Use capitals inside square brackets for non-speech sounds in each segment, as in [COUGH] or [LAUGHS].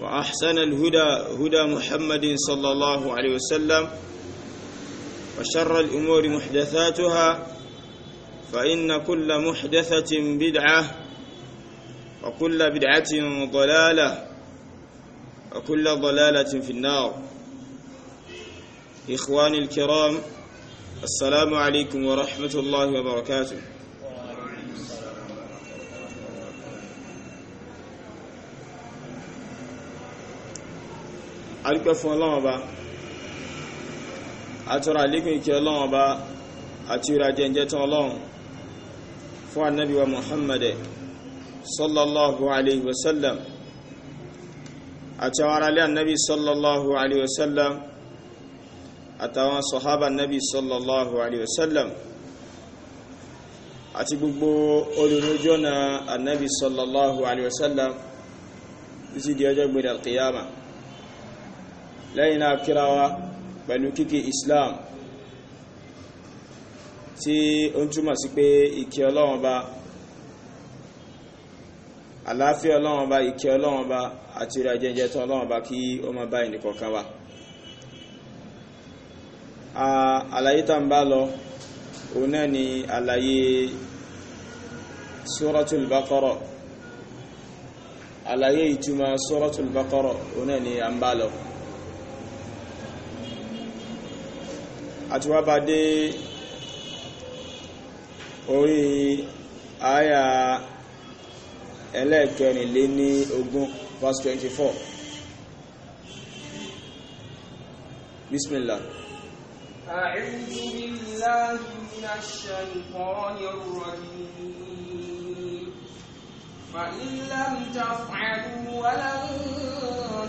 وأحسن الهدى هدى محمد صلى الله عليه وسلم وشر الأمور محدثاتها فإن كل محدثة بدعة وكل بدعة ضلالة وكل ضلالة في النار إخواني الكرام السلام عليكم ورحمة الله وبركاته àrípẹ́ fún ọlọ́run ọba àtọ́rọ àlékún ìkẹ́ ọlọ́run ọba àti ìrajà ìjẹ́ tán ọlọ́run fún anábíwa Muhammad sallallahu alayhi wa sallam àti àwọn aráalé anábí sallallahu alayhi wa sallam àtàwọn sọ̀hábà anábí sallallahu alayhi wa sallam àti gbogbo olùrújọ́nà anábí sallallahu alayhi wa sallam títí di ọjọ́ gbèrè alkiyama lẹ́yìn náà kíra wa pẹ̀lú kíkí islam tí ó ń túmọ̀ sí pé ìkẹ́ ọlọ́run ba àlàáfíà ọlọ́run ba ìkẹ́ ọlọ́run ba àti ìrìn àjẹjẹ tán ọlọ́run ba kí ó máa bá ẹnìkọ̀ọ̀kan wa àlàyé tá ń bá lọ òun náà ni àlàyé suratul àlàyé ìtumọ̀ suratul òun náà ni à ń bá lọ. àti wá bá dé orí àyà ẹlẹ́ẹ̀kẹrin lé ní ogún verse twenty four bismillah. أعوذ بالله من الشيطان الرجيم فإن لم تفعلوا ولن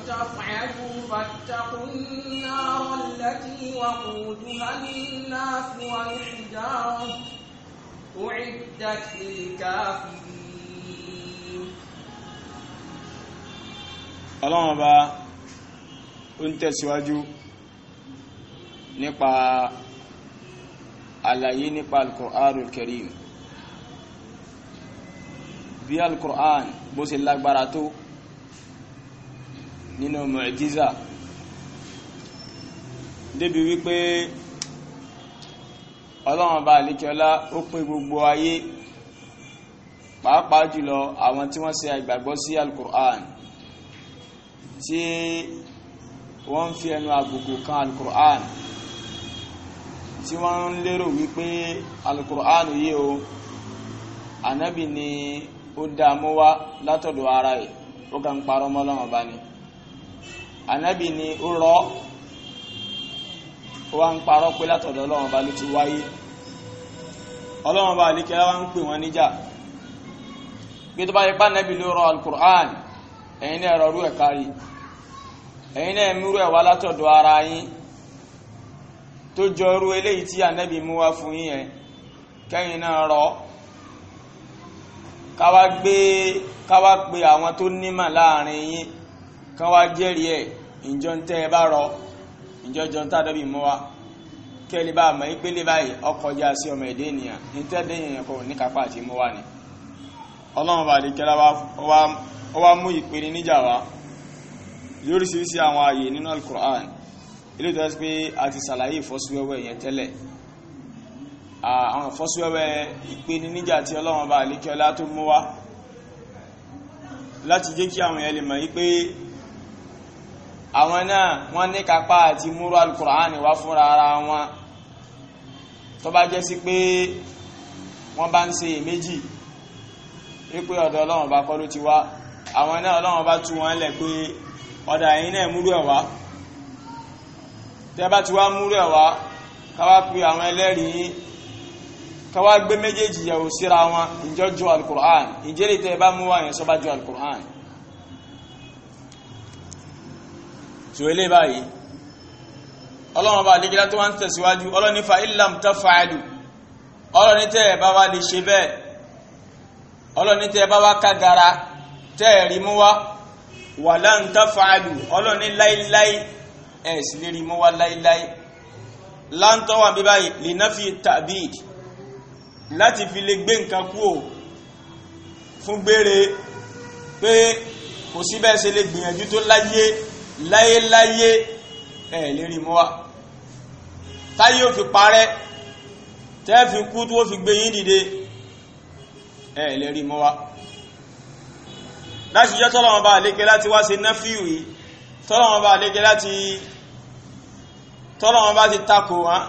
تفعلوا فاتقوا النار التي وقودها الناس والحجارة أعدت للكافرين اللهم با ń tẹ̀síwájú nípa àlàyé nípa Al-Qur'anul bí alukur'an bó ṣe lágbára tó nínú mọ̀jíza débi wípé ọlọ́run bá àlékiọlá ó pín gbogbo ayé pàápàá jùlọ àwọn tí wọ́n ṣe àgbàgbọ́ sí alukur'an tí wọ́n ń fi ẹnu àbùkù kan alukur'an tí wọ́n ń lérò wípé alukur'an yìí o ànábì ni ó dààmú wá látọ̀dọ̀ ara ẹ̀ ó kàn parọ́ mọ́ Ọlọ́run ni ànábì ni ó rọ́ ó wá ń parọ́ pé látọ̀dọ̀ ló ti wáyé Ọlọ́run ní àlékẹ́lá wá ń pè wọ́n níjà pé tó bá yẹ ara yín tó jọ eléyìí tí ànábì mú wá fún yín káwá gbé káwá pe àwọn tó nímọ̀ láàrin yín káwá jẹ́rìí ẹ̀ ìjọ ń tẹ́ ẹ bá rọ ìjọ jọ ń tàdọ́bì mọ́ wa kẹ́lẹ́ bá mọ̀ ìpele báyìí ọkọjá sí ọmọ èdè ènìyàn ní tẹ́lẹ̀ èèyàn kò ní kápá àti mọ́ wa ni ọlọ́run bá àdékẹ́lá ó wá mú ìpele níjà wa lóríṣiríṣi àwọn ààyè nínú alukur'an ilé ìtọ́jú pé a ti ṣàlàyé ìfọ́síwẹ́wẹ́ yẹn tẹ́lẹ̀ àwọn àfọ́síwẹ́wẹ́ ìpèníjà tí ọlọ́run bá àlékẹ́ọlá tó mú wá láti jẹ́ kí àwọn èèyàn lè mọ̀ wípé àwọn náà wọ́n ní kápá àti múrú alukùránì wá fúnra ara wọn tó bá jẹ́ sí pé wọ́n bá ń ṣe èméjì wípé ọ̀dọ̀ ọlọ́run bá kọ́ ló ti wá àwọn náà ọlọ́run bá tú wọn lẹ̀ pé ọ̀dà yìí náà múrú ẹ̀ wá tẹ́ bá ti wá múrú ẹ̀ wá ká wá àwọn ẹlẹ́rìí káwá gbé méjèèjì yẹ̀wò síra wọn ìjọ ju alukur'an ìjẹ́rìí tẹ́ ẹ bá mú wá yẹn sọ́ba ju alukur'an tùwélé báyìí ọlọ́run bá àdéjìlá tó wá ń tẹ̀síwájú ọlọ́run ní fa ilam tá fàálù ọlọ́run ní tẹ́ ẹ bá wá lè ṣe bẹ́ẹ̀ ọlọ́run ní tẹ́ ẹ bá wá kágara tẹ́ rí mú wá wà láǹ tá fàálù ọlọ́run láíláí ẹ̀ sì lè rí mú wá láíláí láǹtọ́ wà lè náfi tàbíìdì láti fi lè gbé nǹkan kú ò fún gbére pé kò sí bẹ́ẹ̀ ṣe lè gbìyànjú tó láyé láyéláyé ẹ̀ lérí mọ́ wa táyé ò fi parẹ́ tẹ́ fi kú tó fi gbé yín dìde ẹ̀ lérí mọ́ wa láti jẹ́ tọ́lọ́wọ́n bá léke láti wá ṣe náfíù yìí tọ́lọ́wọ́n bá léke láti tọ́lọ́wọ́n bá ti takò wọn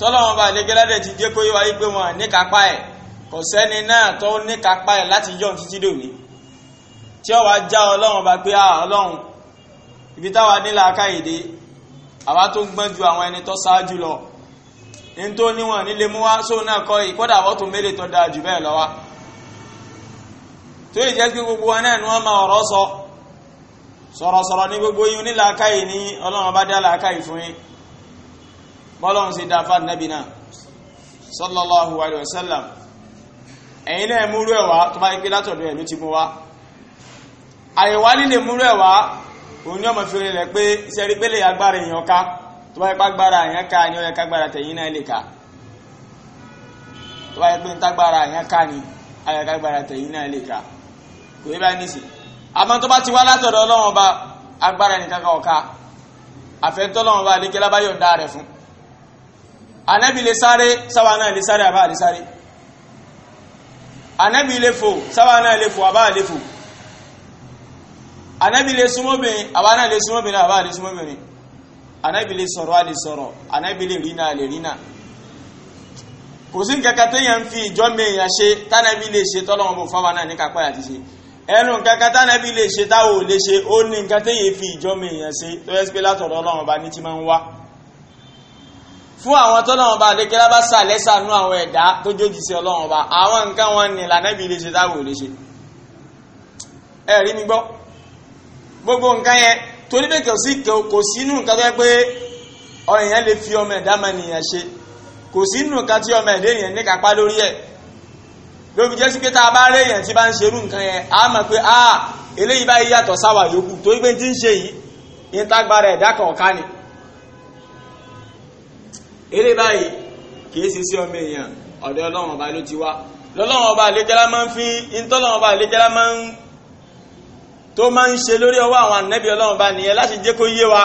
tọ́lọ́wọ́n bá àlejẹ́lá dẹ̀ ti jẹ́ kó yíwa yí pé wọn à níkápá ẹ̀ kò sẹ́ni náà tó níkápá ẹ̀ láti yọ̀ títí dòní tí ó wá já ọlọ́run bá pé ọlọ́run ibi táwa nílà káyìdé àwa tó gbọ́n ju àwọn ẹni tó ṣáájú lọ ní tó níwọ̀n nílé mú wá sóun náà kọ́ yìí kódà wọ́n tó mélòó tó dáa jù bẹ́ẹ̀ lọ tó ìjẹ́ pé gbogbo wọn náà ni wọ́n máa ọ̀rọ̀ sọ sọ̀rọ̀sọ̀rọ̀ ní gbogbo yín nílà káyìí ọlọ́run bá dá làákàyè fún yín bọ́lọ́run sí dáfà nẹ́bì náà sallallahu alaihi wasallam ẹ̀yin náà múrú ẹ̀wà tó bá ipé látọ̀dọ̀ ẹ̀lú ti mú wá àyẹ̀wá lílè múrú ẹ̀wà òun ní ọmọ fi rẹ̀ pé iṣẹ́ rí pélé agbára èèyàn ká tó bá ipá gbára èèyàn ká ni ó yẹ kágbára tẹ̀yìn náà lè ká tó bá ipé tágbára èèyàn ká ni ó yẹ tẹ̀yìn náà lè ká kò yẹ bá nísì àmọ́ tó bá ti wá látọ̀dọ̀ ọlọ́run ọba agbára nìkan kan ọ̀ka àfẹ́ntọ́ ọlọ́run ọba adékẹ́lá bá yọ̀ǹda rẹ̀ fún anabi lè sáré sáwà náà lè sáré àbá lè sáré anabi lè fò sáwà náà lè fò àbá lè fò anabi lè súnmọ́bìnrin àbá náà lè súnmọ́bìnrin àbá lè súnmọ́bìnrin anabi lè sọ̀rọ̀ a lè sọ̀rọ̀ anabi lè rí náà lè rí náà kò sí nǹkan kan téèyàn ń fi ìjọ mẹ́yàn ṣe tánàbí lè ṣe tọ́lọ́wọ́n bò fáwọn náà ní kápá àti ṣe ẹnu nǹkan kan tánàbí lè ṣe táwọn ò lè ṣe ó ní nǹkan téèyàn fi ìjọ mẹ́yàn ṣe tó yẹ pé látọ̀dọ̀ Ọlọ́run ọba ní ti máa ń wá fún àwọn tọ́lọ́run ọba àdékẹ́lá bá sà lẹ́sàánú àwọn ẹ̀dá tó jójì sí ọlọ́run ọba àwọn nǹkan wọn ni lànàbí lè ṣe táwọn ò lè ṣe ẹ̀rí mi gbọ́ gbogbo nǹkan yẹn torí pé kò sí kò sínú nǹkan tó yẹ pé ọ̀yàn lè fi ọmọ ẹ̀dá máa nìyẹn ṣe kò sínú nǹkan tí ọmọ ẹ̀dá èèyàn ní kápá lórí ẹ̀ lóbi jẹ́ sí pé tá a bá rí èèyàn tí bá ń ṣerú nǹkan yẹn a mọ̀ pé a ah, eléyìí báyìí yàtọ̀ sáwà yòókù torí pé tí ń ṣe yìí ìtagbára ẹ̀dá kan ọ̀ká ni eré báyìí kìí ṣe sí ọmọ èèyàn ọ̀dọ̀ ọlọ́run ọba ló ti wá lọ́lọ́run ọba àlékẹ́lá máa ń fi ntọ́lọ́run ọba àlékẹ́lá máa ń tó máa ń ṣe lórí ọwọ́ àwọn ànẹ́bí ọlọ́run ọba nìyẹn láti jẹ́ kó yé wa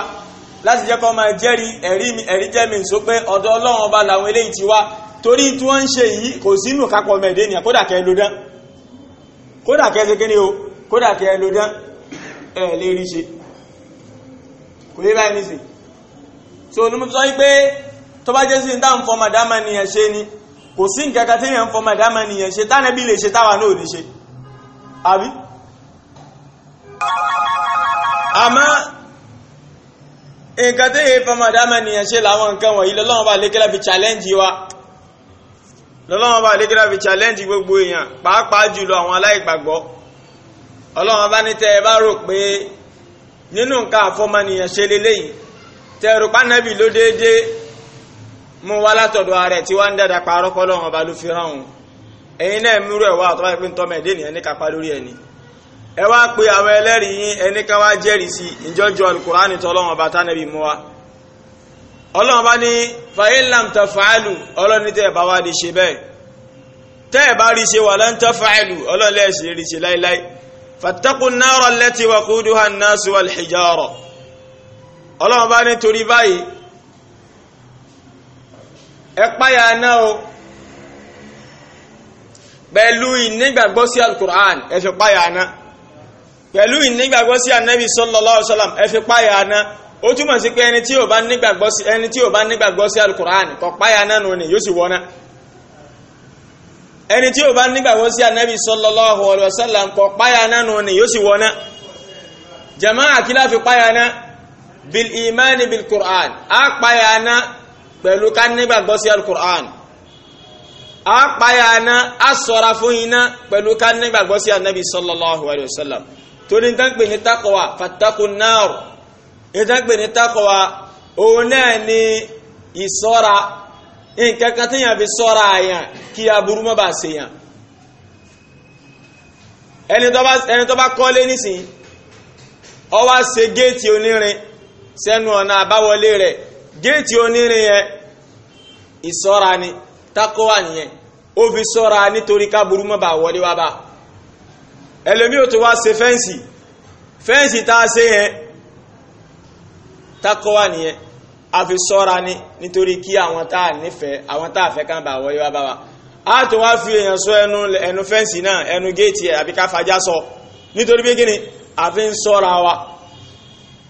láti jẹ́ kó máa jẹ́rìí ẹ̀rí ẹ̀rí jẹ́mi nsọ pé ọ̀dọ̀ ọlọ́run ọba làwọn eléyìí ti wá torí tí wọ́n ń ṣe yìí kò sínú kápọ̀ mẹ́ẹ̀dé ni kódà kẹ́ ló dán kódà kẹ́ ṣe kíní o kódà kẹ́ ló dán ẹ̀ lè rí ṣe kò yé báyìí nìsín so onímọ̀tọ́ yìí pé tó bá jẹ́ sí ní táwọn fọmọ dáma nìyẹn ṣe ni kò sí nǹkan kan téèyàn fọmọ dáma nìyẹn ṣe tánàbí lè ṣe táwa náà ò ní ṣe àbí àmọ́ nǹkan téèyàn fọmọ dáma nìyẹn ṣe làwọn nǹkan wọ̀nyí lọ́lọ́wọ́n bá lékẹ́lá fi challenge wa lọ́lọ́wọ́n bá lékẹ́lá fi challenge gbogbo èèyàn pàápàá jùlọ àwọn aláìgbàgbọ́ ọlọ́wọ́n bá ní tẹ́ ẹ bá rò pé nínú nǹkan àfọmọ nìyẹn ṣe lélẹ́yìn tẹ́ ẹ rò ló déédéé mú wá látọ̀dọ̀ ààrẹ tí wá ń dàdà parọ́ kọ́lọ́run ọba ló fi rán òun ẹ̀yin náà múrò ẹ̀wà àtọ́wá ìpín tọ́mọ ẹ̀dẹ́ nìyẹn ní kápá lórí ẹni ẹ wá pe àwọn ẹlẹ́rìí yín ẹni ká wá jẹ́rìí sí ìjọ́jọ́ alukùránì tọ́lọ́run ọba tánàbí mú wa ọlọ́run bá ní fàyín lam tafàálù ọlọ́run ní tẹ́ ẹ̀ bá wá di ṣe bẹ́ẹ̀ tẹ́ ẹ̀ bá rí ṣe wà lan tafàálù ọlọ́run ẹ̀páyà náà o pẹ̀lú ìnígbàgbọ́ sí alukur'an ẹ fi páyà náà pẹ̀lú ìnígbàgbọ́ sí anabi sallallahu alaihi wasallam ẹ fi páyà náà ó túmọ̀ sí pé ẹni tí ò bá nígbàgbọ́ sí ẹni tí ò bá nígbàgbọ́ sí alukur'an kò páyà náà nù ni yóò sì wọ́n náà ẹni tí ò bá nígbàgbọ́ sí anabi sallallahu alaihi wasallam páyà náà nù ni yóò sì wọ́n náà jama'a kí fi páyà náà bil imani bil qur'an á páyà náà pẹ̀lú ká nígbàgbọ́ sí alukur'an a payà iná a sọ̀ra fún iná pẹ̀lú ká nígbàgbọ́ sí anabi sallallahu alayhi wa sallam torí n tán pè ní takọwa fatakun náà n tán pè ní takọwa òun náà ni ìsọ́ra nǹkan kan tí yàn fi sọ́ra yàn kí aburú má bàa ṣe yàn ẹni tó bá kọ́lé nísìnyí ó wá ṣe géètì onírin sẹ́nu ọ̀nà àbáwọlé rẹ̀ géètì onírin yẹn ìṣọ́ra ni takowa nìyẹn ó fi ṣọ́ra nítorí káburú má wọlé wá bá ẹlòmí ò a yẹn takowa nìyẹn a fi ṣọ́ra ni nítorí kí àwọn tá a nífẹ̀ẹ́ àwọn tá a fẹ́ wọlé bá wa a tó wá fi èèyàn sọ ẹnu ẹnu fẹ́ǹsì náà ẹnu géètì ẹ̀ àbí ká sọ nítorí a fi ń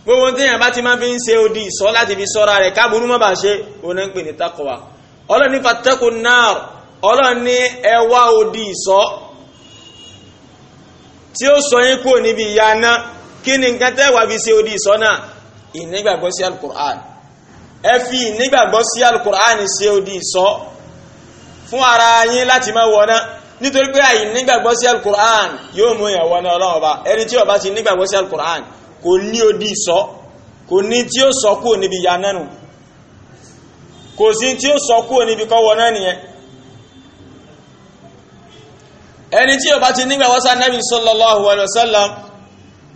gbogbo téèyàn bá ti máa fi ń ṣe odi ìsọ láti fi sọ́ra rẹ̀ káàbùrú má bàa ṣe òun náà ń pè ní takọ̀wá ọlọ́ni fatakù náà ọlọ́ni ẹwà odi ìsọ tí ó sọ yín kúrò níbi ìyá náà kí ni nǹkan tẹ́wà fi ṣe odi ìsọ náà ìnígbàgbọ́ sí alukur'an ẹ fi ìnígbàgbọ́ sí alukur'an ṣe odi ìsọ fún ara yín láti má wọ náà nítorí pé àìnígbàgbọ́ sí alukur'an yóò mú ìyàwó náà ọlọ́wọ́ ẹni tí ó ti nígbàgbọ́ sí alukur'an kò ní odi ìsọ́ kò ní tí ó sọ kúrò níbi ìyá náà nù kò sí tí ó sọ kúrò níbi kọ́wọ́ náà nìyẹn ẹni tí ó bá ti nígbàgbọ́ sí Ànábì sallallahu alaihi wasallam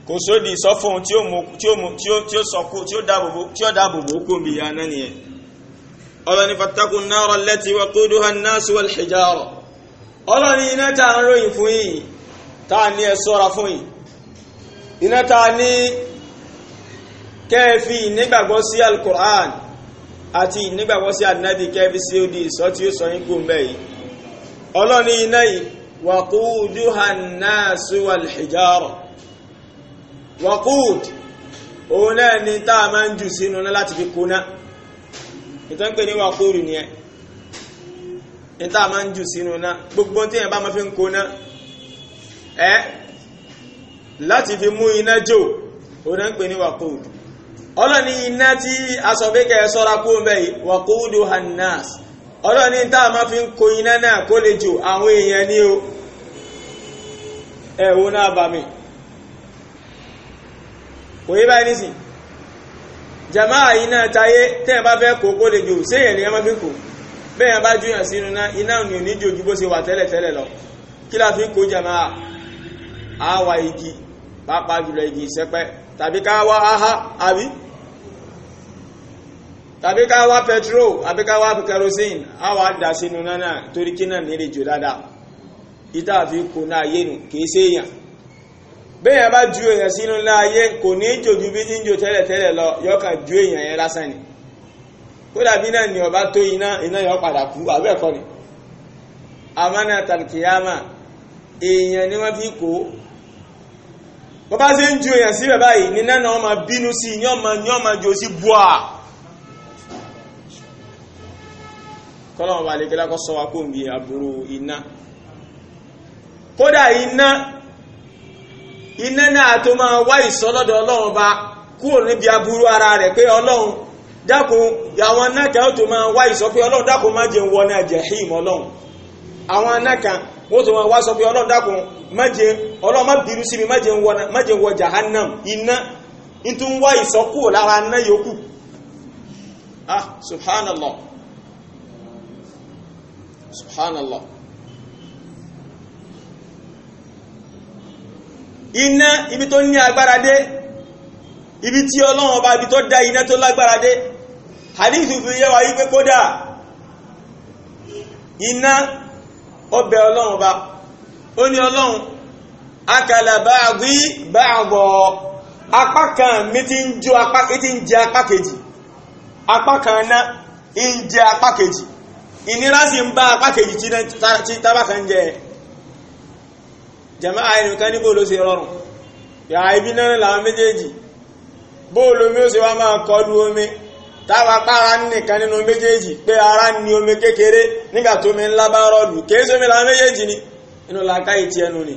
kò sódi ìsọ́ fún un tí ó sọ kú tí ó dáàbò bò kú níbi ìyá náà nìyẹn ọlọ́ni fatakun náà allati waquduha an-nasu wal hijara ọlọ́ni iná tá à ń ròyìn fún yìí tá à ní ẹ sọ́ra fún yìí iná ta ní kẹ́ẹ̀fì nígbàgbọ́ sí alukur'an àti nígbàgbọ́ sí anabi kẹ́ẹ̀fì sí odi ìsọ tí ó sọ yín kú mbẹ́ yìí ọlọ́ni iná yìí wàkúùdù hànnáàsù wàlhìjárọ̀ wàkúùd òun náà ni tá a máa ń jù sínú náà láti fi kóná ìtàn pé ní wàkúùdù nìyẹn ní tá a máa ń jù sínú náà gbogbo tí yẹn bá máa fi ń kóná ẹ́ láti fi mú iná jò ó ń pè ní wàkóòdù ọlọ́ni iná tí sọ́ra kú ń wàkóòdù hannas ọlọ́ni tá a iná náà kó lè jò àwọn èèyàn ní o ẹ̀wò náà bà mí iná tayé bá fẹ́ séèyàn ni ẹ máa fi kó bẹ́ẹ̀ bá júyàn sínú náà iná ni ò ní wà pàápàá jùlọ igi ìsẹ́pẹ́ tàbí ká wá áhá àbí tàbí ká wá petrol àbí ká wá kerosene á wá dà sínú náà torí kí náà nílé jù dáadáa ìta àfi kò náà yé nu kì í ṣe èèyàn bá ju èèyàn sínú kò ní jò ju bí jíjò tẹ́lẹ̀tẹ́lẹ̀ lọ yọkàn ju èèyàn yẹn lásán ni kódà bí náà ni ọba tó iná iná yọ padà kú àbẹ́ ẹ̀kọ́ ni èèyàn ni wọ́n fi kó bó bá ń ju èèyàn síbẹ̀ báyìí ní nánà ọmọ bínú sí i yọ́mọ yọ́mọ jò sí bua kọ́lọ́mọ bá lè kí sọ wa kó ń bi àbúrò iná kódà iná iná náà tó máa wá ìsọlọ́dọ̀ ọlọ́run bá kúrò níbi ara rẹ̀ pé ọlọ́run dákun àwọn anáka tó máa wá ìsọ pé ọlọ́run dákun má jẹun náà hìm ọlọ́run àwọn wọ́n tó wọ́n wá sọ pé ọlọ́run dákun májẹ ọlọ́run má bínú sí mi májẹ wọ jahannam iná in wá lára ah subhanallah subhanallah iná ibi tó ní agbára dé ibi tí ọlọ́run ọba ibi tó dá iná tó lágbára dé hadithu fi yé wa yí pé kódà iná ó bẹ ọlọ́run bá ó ní ọlọ́run akàlà báàgbí báàgbọ̀ apá kan mi ti ń jó apá ti ń jẹ apá kejì apá kan náà ń jẹ apá kejì ìnira sì ń bá apá kejì tí tábà kan jẹ jama àyẹnì kan rọrùn yàrá ibi náà làwọn méjèèjì bóòlù ó wá máa kọlu omi. ta pára nìkan nínú méjèèjì pé ara ní omi kékeré nígbà tó mi ńlá bá rọlù sómi la méjèèjì ni inú làákàyè tí ẹnu ni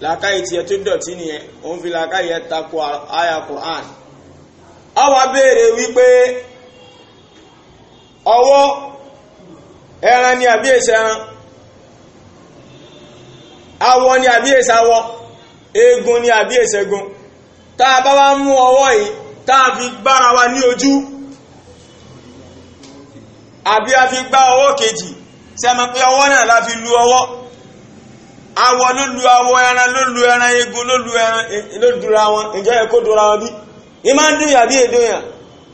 làákàyè tí ẹ tó dọ̀tí nìyẹn òun fi làákàyè ẹ takò àyà Qur'an. àwa béèrè wípé awọ ni àbí èsì awọ eegun ni àbí èsì eegun tá a bá wá mú ọwọ́ yìí tá àbí a fi gbá ọwọ́ kejì tí a mọ̀ ọwọ́ náà la fi lu ọwọ́ awọ ló lu awọ ẹran ló lu ẹran egun ló lu ẹran eh, ló dura wọn ǹjẹ́ ẹ̀kọ́ dura wọn bí máa ń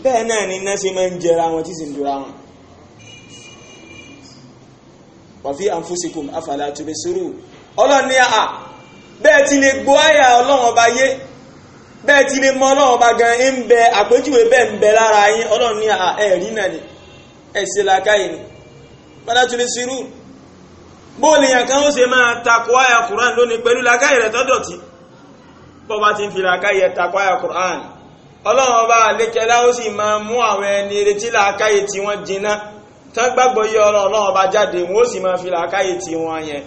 bẹ́ẹ̀ náà ni iná ṣe máa ń jẹra wọn tí sì ń dura wọn. wàfí àǹfóṣekùn àfàlà àtúbẹ̀ ọlọ́ni àà bẹ́ẹ̀ ti lè gbọ́ àyà mọ gan ń bẹ bẹ lára yín ẹ̀sìn làákàyè ni padà tún lè sírú bóòlù yàn kan ó ṣe máa takò àyà Qur'an lónìí pẹ̀lú làákàyè rẹ̀ tọ́dọ̀tí bọ́ba ti ń fi làákàyè takò àyà Qur'an ọlọ́run ọba àlékẹ́lá ó sì máa mú àwọn ẹni retí làákàyè tí wọ́n jiná tán gbàgbọ́ yé ọ̀rọ̀ ọlọ́run ọba jáde wọ́n ó sì máa fi làákàyè tí wọ́n yẹn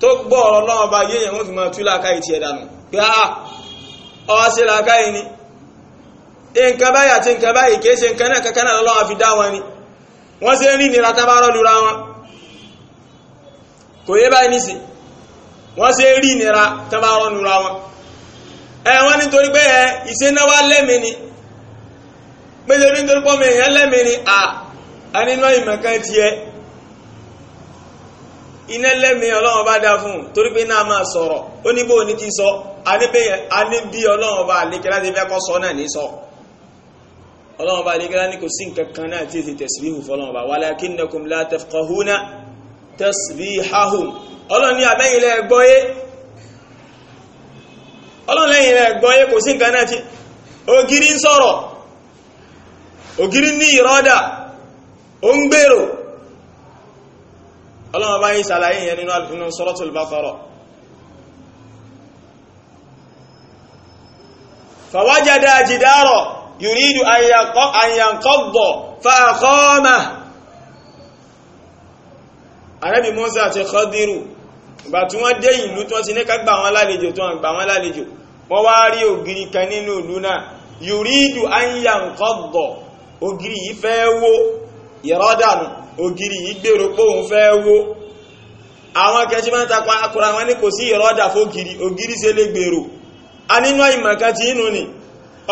tó gbọ́ ọ̀rọ̀ ọlọ́run ọba yé yẹn wọ́n fi máa tú làákàyè tí ẹ̀ dànù pé a ọwọ́ sí làákàyè ni nǹkan báyà àti nǹkan báyìí kìí ṣe nǹkan náà kankan náà lọ́wọ́ fi dá wọn ni wọ́n ṣe rí nira tábárọ̀ lura wọn kò yé báyìí nísìn wọ́n ṣe rí nira tábárọ̀ lura wọn ẹ wọ́n nítorí pé ẹ ìṣẹ́náwá lẹ́mìí ni péjọ nítorí pọ́mọ èèyàn lẹ́mìí ni à á nínú ìmọ̀kan tiẹ̀ iná lẹ́mìí ọlọ́run bá dá fún un torí pé náà máa sọ̀rọ̀ ó ní bó o ní kí sọ a ní bí ọlọ́run bá àlékè láti fẹ́ kọ́ sọ náà ní sọ. So ọlọ́run bá nígbà ní kò sí nǹkan kan náà tí èsì tẹ̀síbíhù fọlọ́run bá walakinnakum la tafqahuna tasbihahum ọlọ́run ní abẹ́yìnlẹ̀ gbọ́yé ọlọ́run lẹ́yìn rẹ̀ gbọ́yé kò sí nǹkan náà tí ògiri ń sọ̀rọ̀ ògiri ní ìrọ́dà ó ń gbèrò ọlọ́run yùrídù àyànkọ́gbọ̀ fàákọ́ọ́mà àrẹ́bì Mùsá àti Khadiru ìgbà tí wọ́n dé ìlú tó ti ní ká gbà wọ́n lálejò tó ń gbà wọ́n lálejò wọ́n wá rí ògiri kan nínú ìlú náà yùrídù àyànkọ́gbọ̀ ògiri yìí fẹ́ wó ìrọ́dànù ògiri yìí gbèrò póhùn fẹ́ wó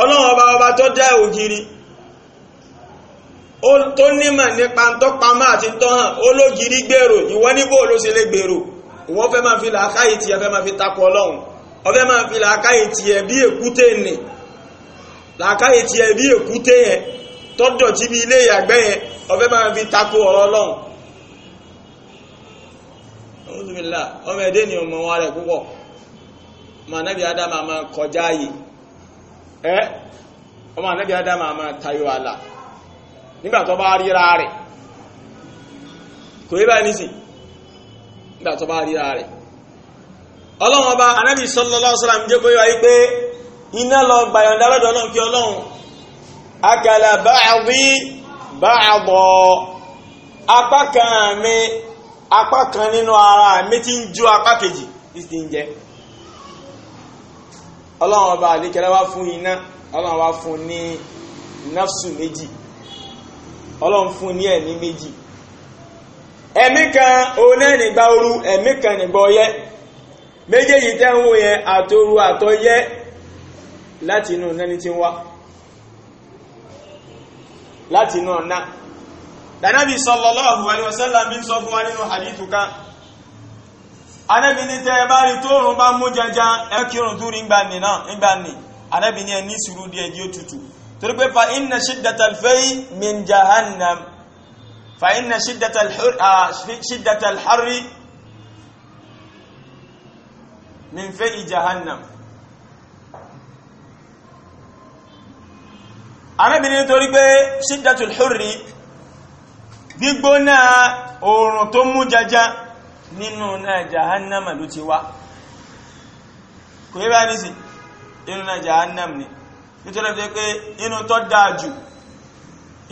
ọlọ́run ọba ọba tó dá ògiri tó nímọ̀ nípa tó pamọ́ àti tó hàn ó lógiri gbèrò ìwọ níbò ló ṣe lè gbèrò ìwọ fẹ́ máa fi làákàyè tiẹ̀ fẹ́ máa fi takọ ọlọ́run ọfẹ́ máa fi làákàyè tiẹ̀ bí èkúté nì làákàyè tiẹ̀ bí èkúté yẹn tọ́jọ̀ tí bí ilé ìyàgbẹ́ yẹn ọfẹ́ máa fi takọ ọ̀rọ̀ ọlọ́run ọmọ ẹ̀dẹ́ ni ọmọ wa rẹ̀ púpọ̀ mọ̀ anábì adama máa kọjá yìí ẹ́ ọmọ ànábì adama ama tayo ala nígbà bá ríra rẹ̀ kò yí báyìí nísì nígbà bá ríra rẹ̀ ọlọ́run ọba anabi sallallahu alaihi wasallam jẹ́ iná lọ gbàyànjá lọ́dọ̀ ọlọ́run kí ọlọ́run akala ba'di ba'da apá kan mi apá kan nínú ara mi ti ń ju apá ọlọ́run ọba àlékẹ́lá wá fún iná ọlọ́run wá fún ní nafsu méjì ọlọ́run fún ní ẹ̀mí méjì ẹ̀mí kan oná nígbà ooru ẹ̀mí kan nígbà ọyẹ́ méjèèjì tẹ́ ń wò yẹn àtòru àtọyẹ́ láti inú ti wá láti inú ọ̀nà bí sọ Ànábì ní tẹ́ ẹ bá rí tóòrùn bá mú janjan ẹ kírun dúró nígbà ní náà nígbà ní Ànábì ní ẹ ní sùúrù díẹ̀ díẹ̀ tutù torí pé fa inna shiddatal fayyi min jahannam fa inna shiddatal shiddatal harri min fayyi jahannam. Ànábì ní torí pé shiddatul hurri gbígbóná oòrùn tó mú janjan nínú náà jahannama ló ti wá kò yí bá ní inú náà jahannam ni nítorí pé pé inú tó dáa jù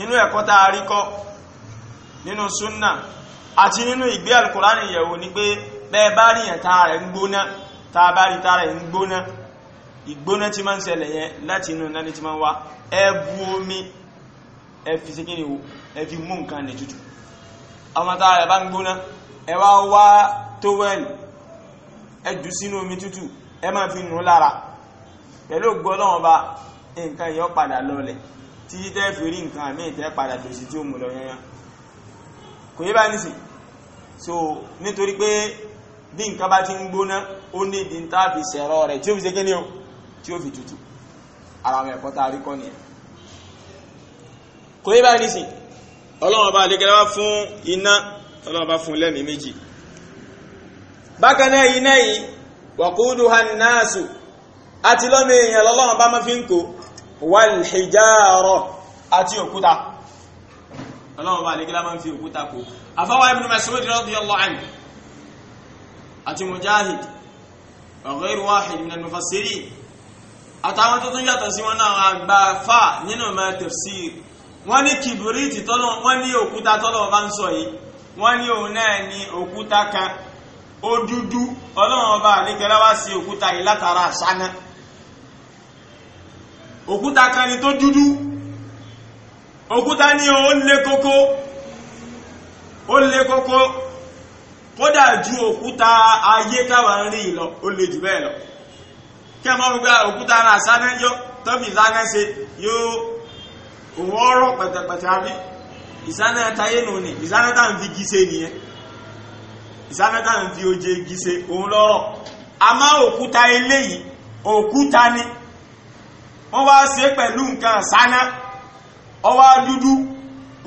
inú ẹ̀kọ́ tá a rí kọ́ nínú súnà àti nínú ìgbé alukurani yẹ̀wò ni pé bẹ́ẹ̀ bá rí yẹn tára rẹ̀ ń gbóná tá bá rí tára rẹ̀ ni ti ni o ẹ fi mú ń gbóná Ewa wá wá tówẹ́lì ẹ sínú omi tútù ẹ máa fi nù lára pẹ̀lú ògbó ọlọ́wọ́n nǹkan yọ padà lọlẹ̀ títí tẹ́ fi rí nǹkan àmì ìtẹ́ padà tòṣì tí ó mú lọ yẹn kò so nítorí pé bí nǹkan bá ti ń gbóná ó ní ìdí fi ṣẹ̀rọ rẹ̀ tí ó fi ṣe kíni o tí fi tutu. ara àwọn ẹ̀kọ́ tá a rí kọ́ nìyẹn kò fún iná ọlọ́run bá fún lẹ́mìí méjì bákan náà iná yìí wàkúùdù hannáàsù àti lọ́mọ èèyàn lọ́lọ́run bá máa fi ń kó wàlhìjáàrọ̀ àti òkúta ọlọ́run bá àlégílá máa ń fi òkúta kó afáwà ibn Mas'ud wọ́n ní kìbìrìtì tọ́lọ́ wọ́n ní òkúta tọ́lọ́ bá ń sọ yìí wọ́n ní òun náà ní òkúta kan ó dúdú ọlọ́run ọba àlékẹ́lá wá sí òkúta yìí látara àṣánà òkúta kan ni tó dúdú òkúta ní ó lé kókó ó lé kókó kódà ju òkúta ayé táwa ń rí lọ ó lè jù bẹ́ẹ̀ lọ kí ẹ mọ́ gbogbo òkúta ara àṣánà yọ tọ́bì lánàá ṣe yóò òun ọ̀rọ̀ pẹ̀tẹ̀pẹ̀tẹ̀ àbí ìsáná tayé nù ni ìsáná tá à ń fi gíse nìyẹn ìsáná tá à ń fi oje gíse òun lọ́rọ̀ àmọ́ òkúta eléyìí òkúta ni wọ́n wá ṣe pẹ̀lú nǹkan sáná ọwá dúdú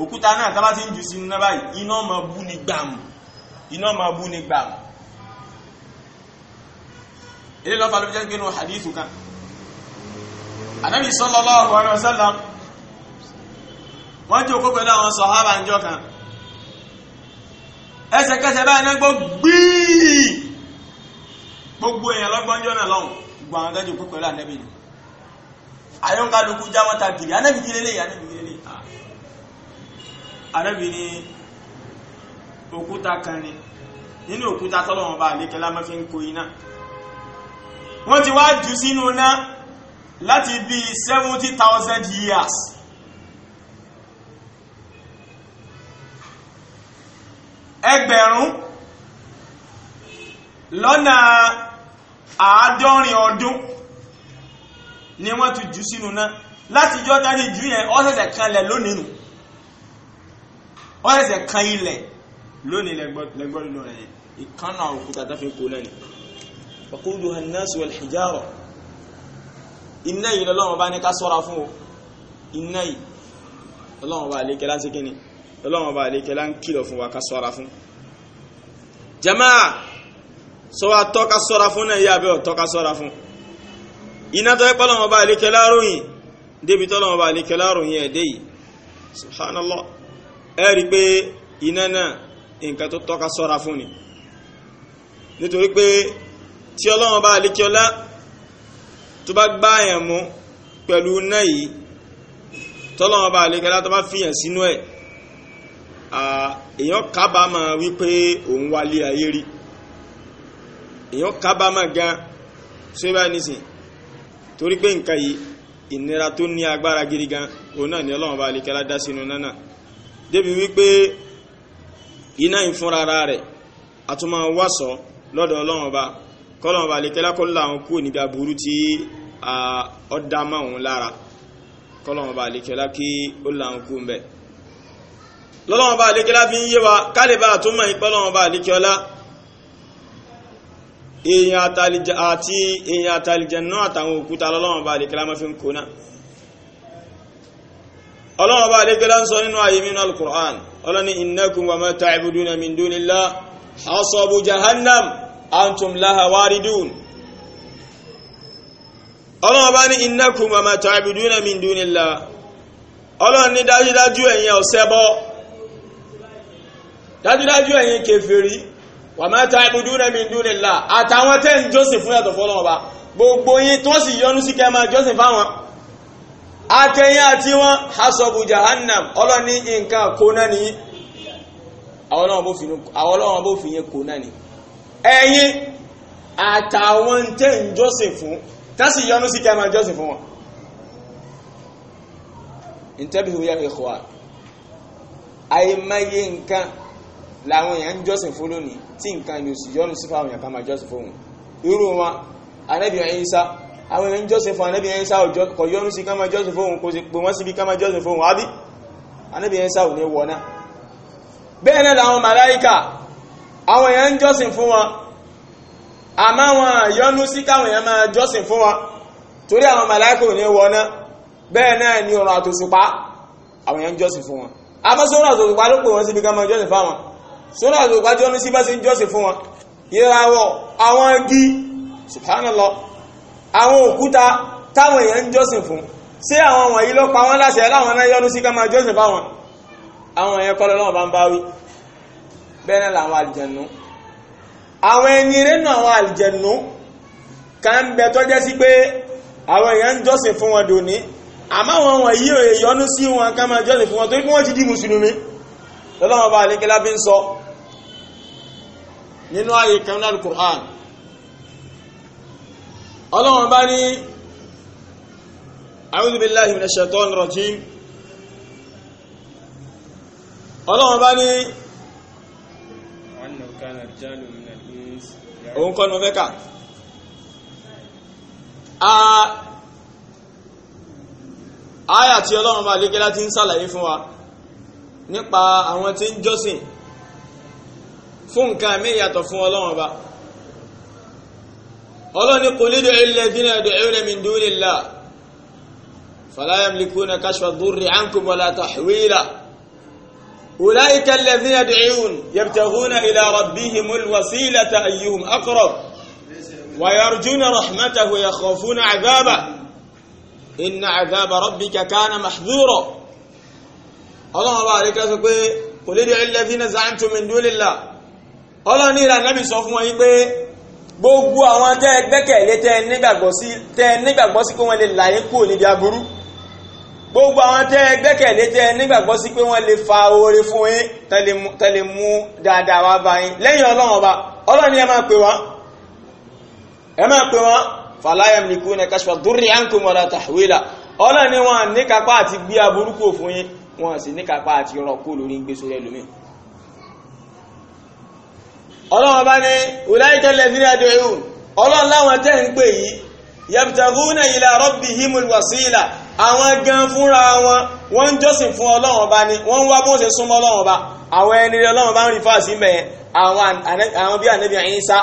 òkúta náà tá bá ti ń jù sínú náà báyìí iná ma bú ni gbàmù iná ma bú ni gbàmù ilé lọ́fà ló fi jẹ́ gbénu hadithu kan Ànábì sallallahu alaihi wasallam wọ́n jókòó pẹ̀lú àwọn sọ̀hábà ń jọ kan ẹsẹ̀kẹsẹ̀ báyìí náà gbọ́ gbíì gbogbo èèyàn lọ́gbọ́njọ́ náà lọ́hùn gbogbo àwọn adájọ́ pé pẹ̀lú ànẹ́bì ni àyọ̀ǹkàlùkù jáwọ́ ta gìrì ànẹ́bì kí lélẹ́yìn ànẹ́bì kí lélẹ́yìn ah. ànẹ́bì ni òkúta kan ni nínú òkúta tọ́lọ́wọ́n bá àlékẹ́ lámọ́ fi ń kó iná wọ́n ti wá jù sínú iná láti bíi seventy thousand years. ẹgbẹ̀rún lọ́nà àádọ́rin ọdún ni wọ́n ti jù sínú náà láti jọ dájú jù yẹn ọ́sẹ̀sẹ̀ kan lẹ̀ lónìí nù ọ́sẹ̀sẹ̀ kan ilẹ̀ lónìí lẹ́gbọ́n nínú rẹ̀ ìkànnà òkúta tó fi kó lẹ́nu ọkùnrin duhan nas wal hijara iná yìí lọ́wọ́ bá ní ká sọ́ra fún o iná yìí lọ́wọ́ bá lè kẹ́lá sí kíni ọlọ́run ọba àdékẹ́lá ń kìlọ̀ fún wa ká sọ́ra fún jamaa sọ wa tọ́ka sọ́ra fún náà yá abẹ́ ọ̀tọ́ka sọ́ra fún iná tó ẹ̀pọ̀ ọlọ́run ọba àdékẹ́lá ròyìn débi tó ọlọ́run ọba àdékẹ́lá ròyìn ẹ̀dẹ́ yìí subhanallah ẹ rí i pé iná náà nǹkan tó tọ́ka sọ́ra fún ni nítorí pé tí ọlọ́run ọba àdékẹ́lá tó bá gbá àyàn mú pẹ̀lú náà yìí tọ́lọ́run ọba àdékẹ́lá tó bá fìyàn sínú ẹ̀ èèyàn kábàámọ̀ wípé òun wálé ayé rí èèyàn kábàámọ̀ gan ṣé báyìí nísìn torí pé nǹkan yìí ìnira tó ní agbára gidi gan òun náà ní ọlọ́run bá lè kẹ́lá dá sínú náà débi wípé iná ìfúnra rẹ̀ àtúmọ̀ wàsọ̀ lọ́dọ̀ ọlọ́run ọba kọ́lọ́run ọba lè kẹ́lá kọ́lá àwọn kúrò níbi aburú tí ọ̀dá òun lára kọ́lọ́run ọba lè kẹ́lá kí ó láwọn kú ń lọ́lọ́wọ́n bá àlékẹ́lá fi ń yé wa kálẹ̀ bá àtúmọ̀ ìpọ́lọ́wọ́n bá àlékẹ́ọlá èèyàn àtàlìjẹ àti èèyàn àtàlìjẹ náà àtàwọn òkúta lọ́lọ́wọ́n bá àlékẹ́lá máa fi ń kóná ọlọ́wọ́n bá àlékẹ́lá ń sọ nínú ayé mínú alukur'an ọlọ́ni innakum wa ma ta'buduna min dunillah hasabu jahannam antum laha waridun ọlọ́wọ́n bá ní innakum wa ma ta'buduna min dunillah ọlọ́run ní dájúdájú ẹ̀yin ọ̀sẹ̀ bọ́ dájúdájú ẹ̀yin kèfèrí wà máa ta ibùdó rẹ̀ mi dúró nílá àtàwọn tẹ́ ń jọ́sìn fún yàtọ̀ fọ́lọ́wọ́ bá gbogbo yín tó sì yọnu sí kẹ́mà jọ́sìn fáwọn àtẹ̀yìn àti wọn hasabu jahannam ọlọ́ni nǹkan kó náà ní àwọn ọlọ́wọ́n bó fi yẹn kó náà ní ẹ̀yin àtàwọn tẹ́ ń jọ́sìn fún tá sì yọnu sí kẹ́mà jọ́sìn fún wọn intabihu ya ikhwan àìmáyé nǹkan làwọn èèyàn ń jọ́sìn fún lónìí tí nǹkan ìlú sì yọ́nu sí fáwọn èèyàn ká máa jọ́sìn fóun irú wọn Ànábì Ìsá àwọn èèyàn ń jọ́sìn fún Ànábì Ìsá kò yọ́nu sí ká máa jọ́sìn fóun kò sì pè wọ́n síbi ká máa jọ́sìn fóun àbí Ànábì Ìsá ò ní wọ̀ná bẹ́ẹ̀ náà làwọn màláìkà àwọn èèyàn ń jọ́sìn fún wọn àmọ́ wọn yọ́nu sí káwọn èèyàn máa jọ́sìn fún wọn torí àwọn màláìkà ò ní wọ̀ná bẹ́ẹ̀ náà ni ọ̀rọ̀ àtòṣùpá àwọn èèyàn ń jọ́sìn fún wọn abọ́sọ́rọ̀ àtòṣùpá ló pè wọ́n síbi ká máa jọ́sìn fáwọn sọ́nà àlùkà jọ́ ní sí bá ṣe ń jọ́sìn fún wọn ìràwọ̀ àwọn igi subhanallah àwọn òkúta táwọn èèyàn ń jọ́sìn fún ṣé àwọn wọ̀nyí ló pa wọ́n láṣẹ láwọn náà yọ́nú sí ká máa jọ́sìn fáwọn àwọn èèyàn kọ́ lọ́wọ́ bá ń bá wí bẹ́ẹ̀ náà làwọn àlìjẹ̀nù àwọn ẹni rẹ́nu àwọn àlìjẹ̀nù ká ń bẹ tọ́jẹ́ sí pé àwọn èèyàn ń fún wọn dòní àmọ́ àwọn wọ̀nyí ò yọ́nú sí wọn ká máa fún wọn torí pé wọ́n ti di mùsùlùmí lọ́lọ́wọ́ bá alékẹ́lá bí ń sọ nínú ayé kan náà Qur'an ọlọ́wọ́ bá ní a'udhu billahi minash shaitani rajim ọlọ́wọ́ bá ní òun kọ́ ní wọ́n tí ọlọ́wọ́ bá alékẹ́lá ti ń sàlàyé fún wa nípa àwọn tí ń jọ́sìn fún nǹkan mí yàtọ̀ fún ọlọ́run ọba ọlọ́run ní qul ud'u alladhina tad'una min dunillah fala yamlikuna kashfa durri ankum wala tahwila أولئك الذين يدعون يبتغون إلى ربهم الوسيلة أيهم أقرب ويرجون رحمته ويخافون عذابه إن عذاب ربك كان محذورا ọlọ́run ọba àríkà sọ pé kò lè dé alladhina za'amtum min dunillah ọlọ́run ní ìlànà bí sọ fún wọn yí pé gbogbo àwọn tẹ́ gbẹ́kẹ̀lé tẹ́ nígbàgbọ́ sí tẹ́ nígbàgbọ́ sí pé wọ́n lè là yín kúrò níbi aburú gbogbo àwọn tẹ́ gbẹ́kẹ̀lé tẹ́ nígbàgbọ́ sí pé wọ́n lè fa oore fún yín tẹ́ lè mú dáadáa wá bá yín lẹ́yìn ọlọ́run ọba ọlọ́run ni wọ́n ní kápá àti gbé aburú fún yín wọn sì ní kápá àti ọ̀rọ̀ kó lórí ń gbé sórí ẹlòmíì ọlọ́run bá ní ulaika alladhina yad'un ọlọ́run láwọn tẹ́ ń pè yìí yabtaghuna ila rabbihimul wasila àwọn gan fúnra wọn wọ́n ń jọ́sìn fún ọlọ́run bá ní wọ́n ń wá bó ṣe súnmọ́ ọlọ́run bá àwọn ẹni rẹ̀ ọlọ́run bá ń rí fáàsì mẹ́ àwọn bí ànábì Ìsá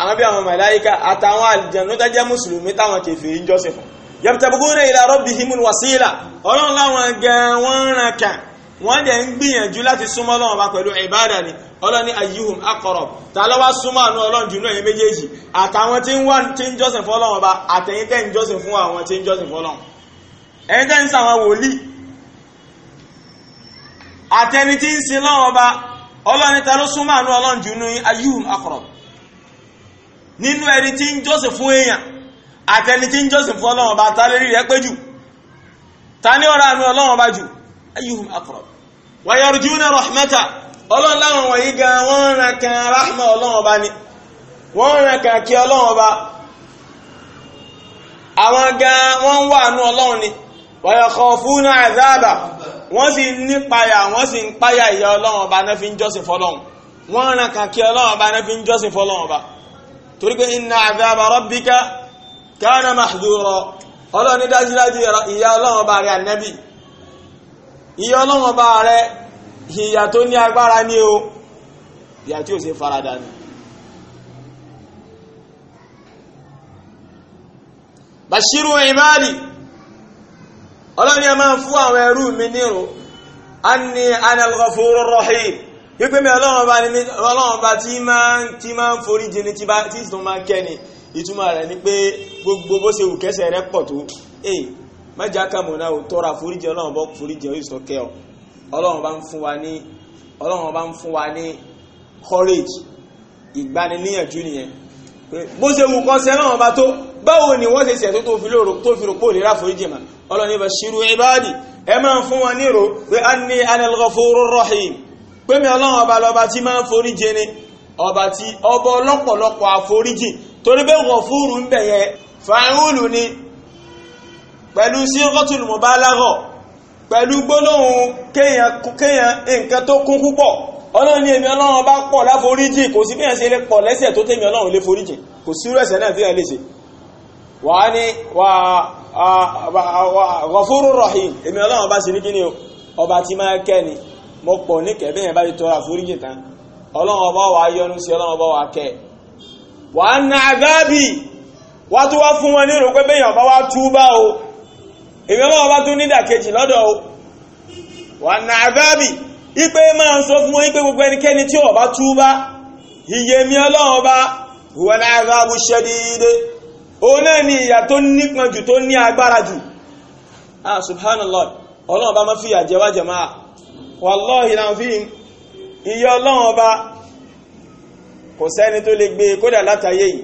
àwọn bí àwọn màláíkà àtàwọn àlìjànú tó mùsùlùmí táwọn kèfèrí ń jọ́sìn fún yabtabuguna ila rabbihimul wasila ọlọ́run láwọn gan wọ́n ràn kàn wọ́n dẹ̀ ń gbìyànjú láti súnmọ́ ọlọ́run bá pẹ̀lú ìbádà ni ọlọ́run ní ayyuhum aqrab ta ló wá súnmọ́ àánú ọlọ́run jù náà yẹn méjèèjì àtàwọn tí ń wá tí ń jọ́sìn fún ọlọ́run bá àtẹ̀yìn tẹ́ ń jọ́sìn fún àwọn tí ń jọ́sìn fún ọlọ́run ẹ̀yin tẹ́ ń sàwọn wòlíì àtẹni tí ń ta ló súnmọ́ àánú ọlọ́run jù náà ayyuhum aqrab nínú ẹni tí ń jọ́sìn fún àtẹni tí ń jọ́sìn fún ọlọ́run ọba tálérí rẹ̀ pé jù ta ní ọ̀rọ̀ àánú ọlọ́run ọba jù ayyuhum aqrab wa yarjuna rahmata ọlọ́run láwọn wọ̀nyí gan wọ́n ràn kan rahma ọlọ́run ọba ni wọ́n ràn kan kí ọlọ́run ọba àwọn ga wọ́n wà nú ọlọ́run ni wa yakhafuna azaba wọ́n sì nípayà wọ́n sì ń páyà ọba náà fi ń jọ́sìn fọlọ́run wọ́n kan ọba náà fi ń jọ́sìn ọba torí kana mahdura ọlọ́ni dájúdájú ìyá ọlọ́wọ́n bá rẹ̀ ànẹ́bì ìyá ọlọ́wọ́n bá rẹ̀ ìyà tó ní agbára ní o ìyà tí ó ṣe farada ni bashiru ibadi ọlọ́ni ẹ máa ń fún àwọn ẹrú mi nírò anni ana al-ghafuru rahim wípé mi ọlọ́wọ́n bá tí máa ń forí jìnnì tí tó máa kẹ́ni ìtumọ̀ rẹ̀ ni pé gbogbo bó ṣe wùkẹ́sẹ̀ rẹ pọ̀ tó ee eh, mẹ́jà kàmùnà ò tọ́ra foríjì ọlọ́run bọ́ foríjì ó sọ kẹ́ ọ ọlọ́run bá ń fún wa ní ọlọ́run bá ń fún wa ní courage ìgbaniníyànjú nìyẹn bó ṣe wù kọ́sẹ́ náà bá tó báwo ni wọ́n ṣe ṣẹ̀ tó tó fi lóòrò tó fi rògbò lè ráforíjì mà ọlọ́run ibà ṣírú ibáàdì ẹ máa fún wọn nírò pé a ní anil ghafurur rahim pé mi ọlọ́run ọba lọ́ba tí máa foríjì ni ọba tí ọba ọlọ́pọ̀lọpọ̀ àforíjì torí bẹ́ẹ̀ Ghafuru ń bẹ̀ yẹn fàáhùlù ni pẹ̀lú sí rọ́tùlù mọ̀báláhọ̀ pẹ̀lú gbólóhùn kéèyàn nǹkan tó kún púpọ̀ ọlọ́run ní èmi ọlọ́run bá pọ̀ láforíjì kò sí bíyàn ṣe lè pọ̀ lẹ́sẹ̀ tó tẹ́mi ọlọ́run lè foríjì kò sí rẹ̀sẹ̀ náà tí a lè ṣe wà á ní Rahim èmi ọlọ́run ni mo pọ̀ ní kẹ́ bẹ́yàn bá ti tọrọ ọlọ́run ọba wà yọ́nú sí ọlọ́run ọba wà kẹ́ wà na àgábì wá tó wá fún wọn ní pé ọba wá o èmi ọba bá tún nídàkejì lọ́dọ̀ o wà na àgábì ipe máa sọ fún wọn ipe gbogbo ẹnikẹ́ni tí túbá iye mi ọlọ́run ọba ni ìyà tó nípọn jù tó ní ah subhanallah ọlọ́run ọba máa fi ìyà jẹ wá jẹ máa ìyà ọlọ́run ọba kò sẹ́ni tó lè gbé e kódà látàyè yìí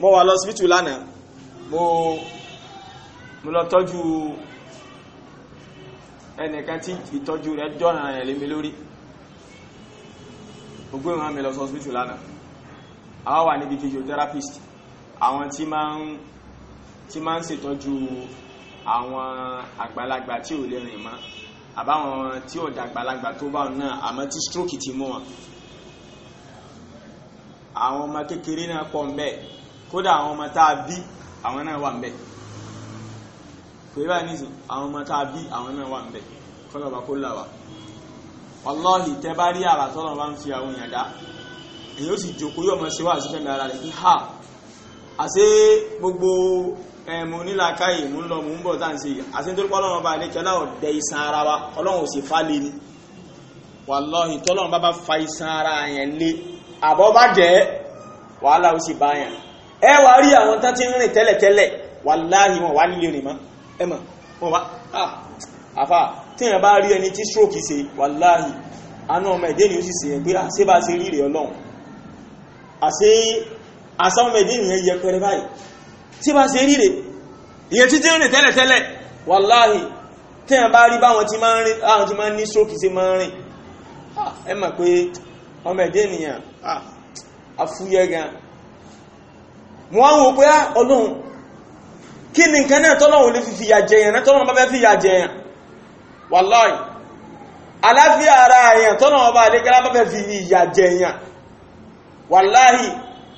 mo wà lọ́sibítù lánàá mo mo lọ tọ́jú ẹnìkan tí ìtọ́jú rẹ̀ jọ́nà rẹ̀ lé mi lórí gbogbo ìwọ̀n mi lọ sọ́sibítù lánàá àwọn wà níbi physiotherapist àwọn tí máa ń tí máa ń ṣètọ́jú àwọn àgbàlagbà tí ò lè rìn mọ́ àbáwọn tí ó dàgbàlagbà tó bá náà àmọ́ tí stroke ti mú wọn àwọn ọmọ kékeré náà pọ̀ ń bẹ kódà àwọn ọmọ tá a bí àwọn náà wà ń bẹ kò yẹ báyìí nísìn àwọn ọmọ tá a bí àwọn náà wà ń bẹ kọlọba kó là wá wallahi tẹ bá rí àrà tọ́lọ̀ bá ń fi àwọn èèyàn dá èyí ó sì jókòó yóò mọ̀ ṣe wá àṣìfẹ́ mi ara rẹ̀ kí ha àṣé gbogbo mo ní làákàyè mo ń lọ mo ń bọ̀ tá à ń ṣe àti nítorí pé ọlọ́run ọba àlékẹ́ ọlá ọ̀dẹ iṣan ara wa ọlọ́run ò sì fa lé ni wàlọ́hì tọ́lọ́run bá bá fa iṣan ara yẹn lé àbọ̀ bá jẹ́ wàhálà ó sì bá yẹn ẹ wá rí àwọn tán ti ń rìn tẹ́lẹ̀tẹ́lẹ̀ wàláhì wọn wà nílé rìn mọ́ ẹ mọ̀ wọn bá àfà tíyẹn bá rí ẹni tí stroke ṣe wàláhì àánú ọmọ ẹ̀dẹ́ ni ó sì ṣe ẹ̀ pé àṣebáṣe rí rèé ọlọ́run àṣe àṣà ọmọ ẹ̀dẹ́ nìyẹn yẹpẹrẹ báyìí tí bá ṣe ríre ìyẹn títí rìn tẹ́lẹ̀tẹ́lẹ̀ wàláhì tẹ́yàn bá rí báwọn tí máa ń ní stroke tí máa ń rìn ẹ mọ̀ pé ọmọ ẹ̀dẹ́ ènìyàn afúyẹ́ gan mo wá ń wo pé ọlọ́run kí ni nǹkan náà tọ́lọ́run lè fi fìyà jẹyàn tọ́lọ́run bá fẹ́ fi ìyà jẹyàn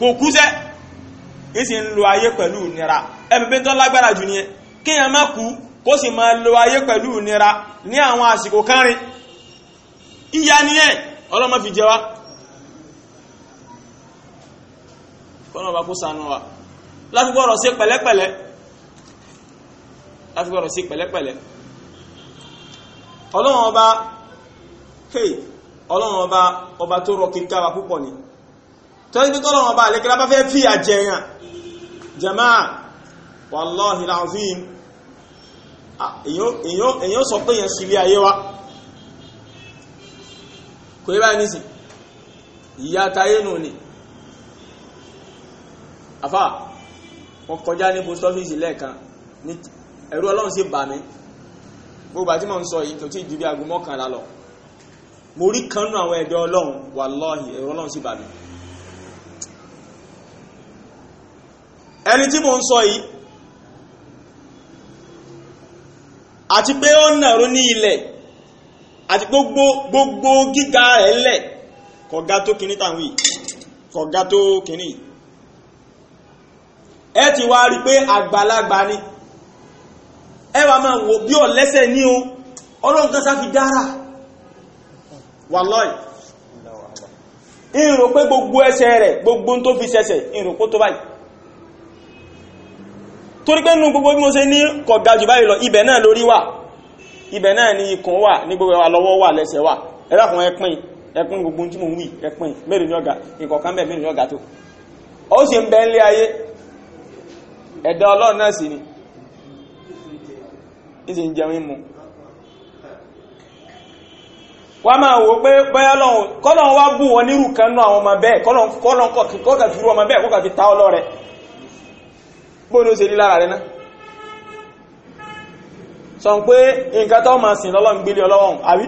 kò kúsẹ́ kí sì ń lo ayé pẹ̀lú nira ẹ̀mẹ̀bẹ̀ tó lágbára jù ẹ kí yẹn má kú kó sì má lo ayé pẹ̀lú nira ní àwọn àsìkò kánrin ni nìyẹn ọlọ́mọ fi jẹ wá kọ́nà bá kó sànú wa láti sí pẹ̀lẹ́pẹ̀lẹ́ sí pẹ̀lẹ́pẹ̀lẹ́ ọba tó rọ kíkà wa púpọ̀ ni tọ́jú tọ́lọ́wọ́n bá lẹ́kẹ́lá bá fẹ́ fi àjẹyàn jama'a wallahi alazim èyàn sọ pé yẹn sílé ayé wa kò yíba nísì ìyá tayé nù ní àfà wọ́n kọjá ní post office lẹ́ẹ̀kan ní ẹ̀rù ọlọ́run sí bà mí gbogbo àti mọ̀ ń sọ yìí tó tí ju bí aago mọ́kànlá lọ mo rí kanú àwọn ẹ̀dọ́ ọlọ́run wallahi ẹ̀rù ọlọ́run sí bà ẹni tí mo ń sọ yìí àti pé ó nàró ní ilẹ̀ àti gbogbo gbogbo gíga rẹ̀ lẹ̀ kọ̀gá tó kìíní tàwí kọ̀gá tó kìíní ẹ ti wá rí pé àgbàlagbà ni ẹ wà máa wò bí ọ̀lẹ́sẹ̀ ní o ọlọ́run kan sáfi dára wàlọ́ì ìrò pé gbogbo ẹsẹ̀ rẹ̀ gbogbo tó fi ṣẹsẹ̀ ìrò kó tó torí pé nínú gbogbo bí mo ṣe ní ga jù báyìí lọ ibẹ̀ náà lórí wà ibẹ̀ náà ni ikùn wà ní wa lọ́wọ́ wà lẹ́sẹ̀ gbogbo tí mo wí ẹpin mẹ́rin ní ọ̀gá ìkọ̀kan bẹ̀ mẹ́rin ní ọ̀gá tó ó sì ń ń lé ni ń jẹun máa wò pé bẹ́ẹ̀ lọ́hùn kọ́lọ́hùn wá bù wọn nírù kan náà àwọn bóò ní ó ṣe rí lára rẹ náà sọ pé nǹkan tó máa sìn lọ́lọ́ gbélé ọlọ́wọ́n àbí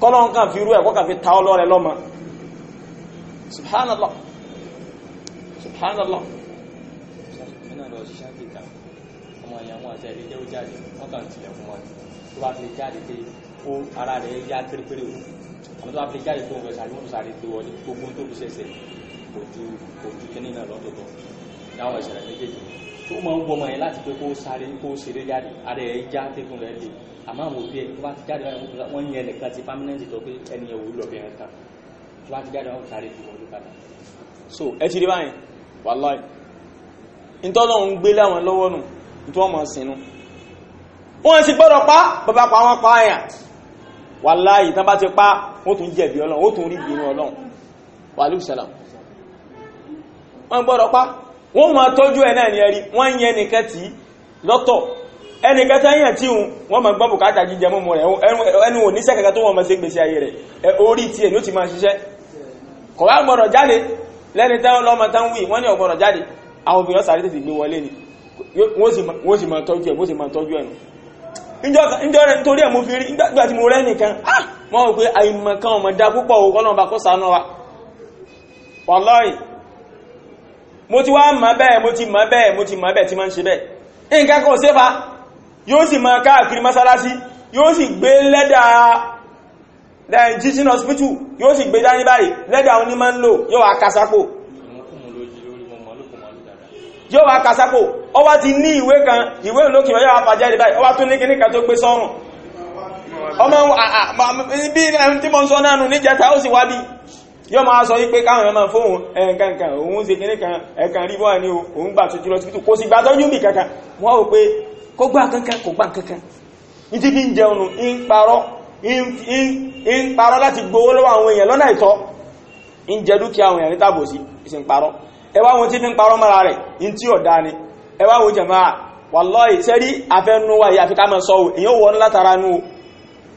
kọ́lọ́n kàn fi rú ẹ̀kọ́ kàn fi ta ọlọ́rẹ lọ́mọ subhanallah subhanallah fi jáde tó ń fẹ́ sàrí mọ́tò sàrí tó wọlé gbogbo tó fi ṣẹ̀ṣẹ̀ kò ju kò láwọn ìṣẹ̀lẹ̀ méjèèjì tó máa ń gbọmọ yẹn láti pé kó sáré kó ṣeré jáde ara ẹ̀ já tẹ́gùn rẹ̀ dé àmọ́ àwọn òbí ẹ̀ tó bá ti jáde wọ́n yẹn nìkan ti permanent tó pé ẹni ẹ̀ wúlò bí ẹ̀ka tó bá ti jáde wọ́n sáré ju wọn lókàdá. so ẹ ti rí báyìí wàláì ntọ́nà ń gbé láwọn lọ́wọ́ nù tí wọ́n máa sinú wọ́n sì gbọ́dọ̀ pa bàbá pa wọ́n pa àyàn wàláì tán bá ti pa wọ́n tún jẹ̀bi ọlọ́run ó tún rí ìbínú ọlọ́run wàlúùsàlám wọ́n gbọ́dọ̀ pa wọ́n ma tọ́jú ẹ̀ náà ní ẹrí wọ́n ń yẹ nìkan lọ́tọ̀ ẹnìkan tá yàn tí wọ́n ma gbọ́ bùkátà jíjẹ mọ́mọ́ rẹ̀ ẹnu ò níṣẹ́ kankan tó wọ́n máa ṣe gbèsè ayé rẹ̀ orí tiẹ̀ ni ó ti máa ṣiṣẹ́ kò wá gbọ́dọ̀ jáde lẹ́ni táwọn jáde mo ti wá mọ̀ bẹ́ẹ̀ mo ti mọ̀ bẹ́ẹ̀ mo ti mọ̀ bẹ́ẹ̀ tí ma ń ṣe bẹ́ẹ̀ nǹkan kan ṣe fa yóò sì máa káàkiri mọ́sálásí yóò sì gbé lẹ́dà jíjìn eh, hospital yóò sì gbé dání báyìí lẹ́dà oní máa ń lò yóò wá kásápò yóò wá kásápò wá ti ní ìwé kan ìwé olókìí yóò wá fàjá ìdíbáyìí ó wá tún ní kíníkan tó gbé sọ́rùn ọmọ ah, ah, bí ẹni eh, tí mo ń sọ náà nù níjẹta ó sì wá bí yóò máa sọ wípé káwọn èèyàn máa fóun ẹ̀ǹkankan òun ṣe kéré kan ẹ̀ǹkan rí wọ́n ni òun gbà tuntun lọ sí kò sì gbà tọ́jú mi kankan wọ́n rò pé kó gbà kankan kò gbà kankan ní tí bí ń jẹun nù ń parọ́ ń parọ́ láti gbowó lọ́wọ́ àwọn èèyàn lọ́nà ìtọ́ ń jẹ dúkìá ni ẹ wá wọn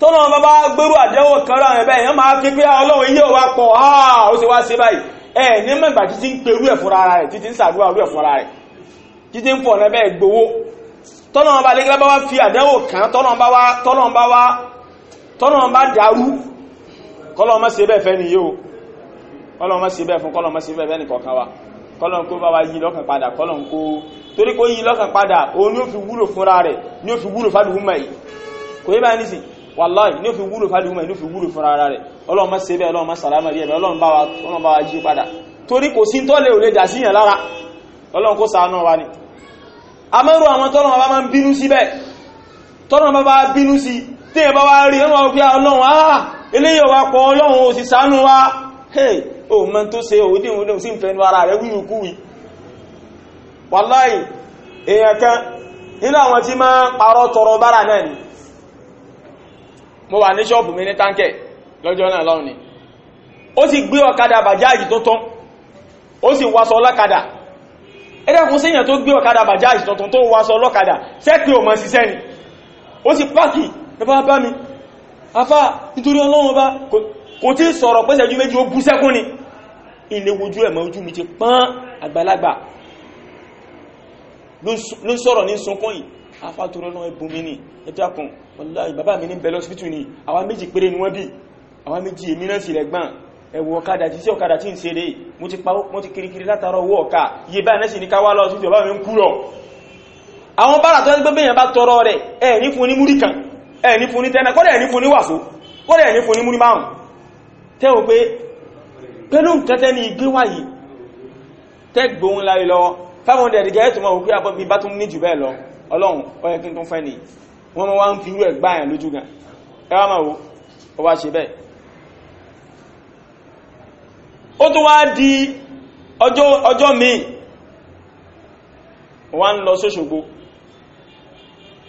tọ́nà bàbá gbérú àdẹ́wò kan rà rẹ̀ bẹ́ẹ̀ yẹn máa fi pé ọlọ́run iye wa pọ̀ áà ah, ó sì wá sí báyìí ẹ̀ ní mẹ́gbà títí ń perú ẹ̀ fúnra rẹ̀ títí ń sàdúrà rú ẹ̀ fúnra rẹ̀ títí ń pọ̀ lẹ́bẹ̀ gbowó tọ́nà bá lẹ́gbẹ́ bá wá fi àdẹ́wò kan tọ́nà bá wá tọ́nà bá wá tọ́nà bá dàrú kọ́lọ́ má ṣe bẹ́ẹ̀ fẹ́ ni yóò kọ́lọ́ má ṣe bẹ́ẹ̀ fún kọ́lọ́ má ṣe bẹ́ẹ̀ fẹ́ni kọ̀ọ̀kan wa kọ́lọ́ kó bá wa yí lọ́kàn padà kọ́lọ́ kó torí kó yí lọ́kàn padà òun ni ó fi wúlò fúnra rẹ̀ ni ó fi wúlò fádùúmọ̀ yìí kò yí báyìí nísìnyí wàláì ní òfin wúlò fàlìhùmọ̀ ní òfin wúlò fún ara rẹ̀ ọlọ́mọ sẹ́bẹ̀ ọlọ́mọ sàlámà rí ẹ̀bẹ̀ ọlọ́mọ bá wa jí padà torí kò sí tọ́lẹ̀ ò lè dà síyàn lára ọlọ́run kó wa ni amẹ́rù àwọn bá máa ń bínú sí bẹ́ẹ̀ bá bá bínú sí bá wá rí ọlọ́run ah, ah eléyìí wa ọlọ́run ò sì wa mọ tó ṣe ara wíwú wàláì èèyàn kan nínú àwọn tí máa parọ́ tọrọ bára náà mo wà ní ṣọ́ọ̀bù mi ní táǹkẹ̀ lọ́jọ́ náà lọ́rùn ni ó sì gbé ọ̀kadà bàjáàjì tó tán ó sì wasọ ọlọ́kadà ẹ̀dẹ́kùn síyàn tó gbé ọ̀kadà bàjáàjì tó tán tó wasọ ọlọ́kadà sẹ́pì ò mọ̀ ni ó sì páàkì ẹbá bá mi afá nítorí ọlọ́run bá kò tí sọ̀rọ̀ pẹ́sẹ̀ ju méjì ó bú sẹ́kún ni ilé wojú ẹ̀mọ́ ojú mi ti pán àgbàlagbà ló ń sọ̀rọ̀ ní sunkún yìí afátúrọ́ náà ẹbùn mi ní ẹjákùn wallahi bàbá mi ní bẹ̀lọ́ sípítù ní àwa méjì péré ni wọ́n bí àwa méjì èmi náà sì lẹ́gbọ́n ẹ̀wù ọ̀kadà tí sí ọ̀kadà tí ń ṣe rè mo ti pawó mo ti kirikiri látara owó ọ̀ka iye báyìí náà sì ní ká wá lọ síbi ọba mi ń kú lọ àwọn bára tó ẹgbẹ́ bẹ́yàn bá tọrọ rẹ̀ ẹ̀ ní fún ní múrí kan ẹ̀ ní fún ní tẹ́nà kọ́lẹ̀ ẹ̀ ní fún ní wàsó kọ́lẹ̀ ẹ̀ ní fún ní múrí márùn 500 gẹ́ẹ̀tùmọ̀ òkú àbọ̀bí bá tún ní jù bẹ́ẹ̀ lọ ọlọ́run ọyẹ kí n tún fẹ́ ni wọ́n mọ́ wá ń fi irú ẹ̀ gbáyàn lójú gan ẹ wá máa wo ó wá ṣe bẹ́ẹ̀ ó tó wá di ọjọ́ míì wá ń lọ sóṣogbo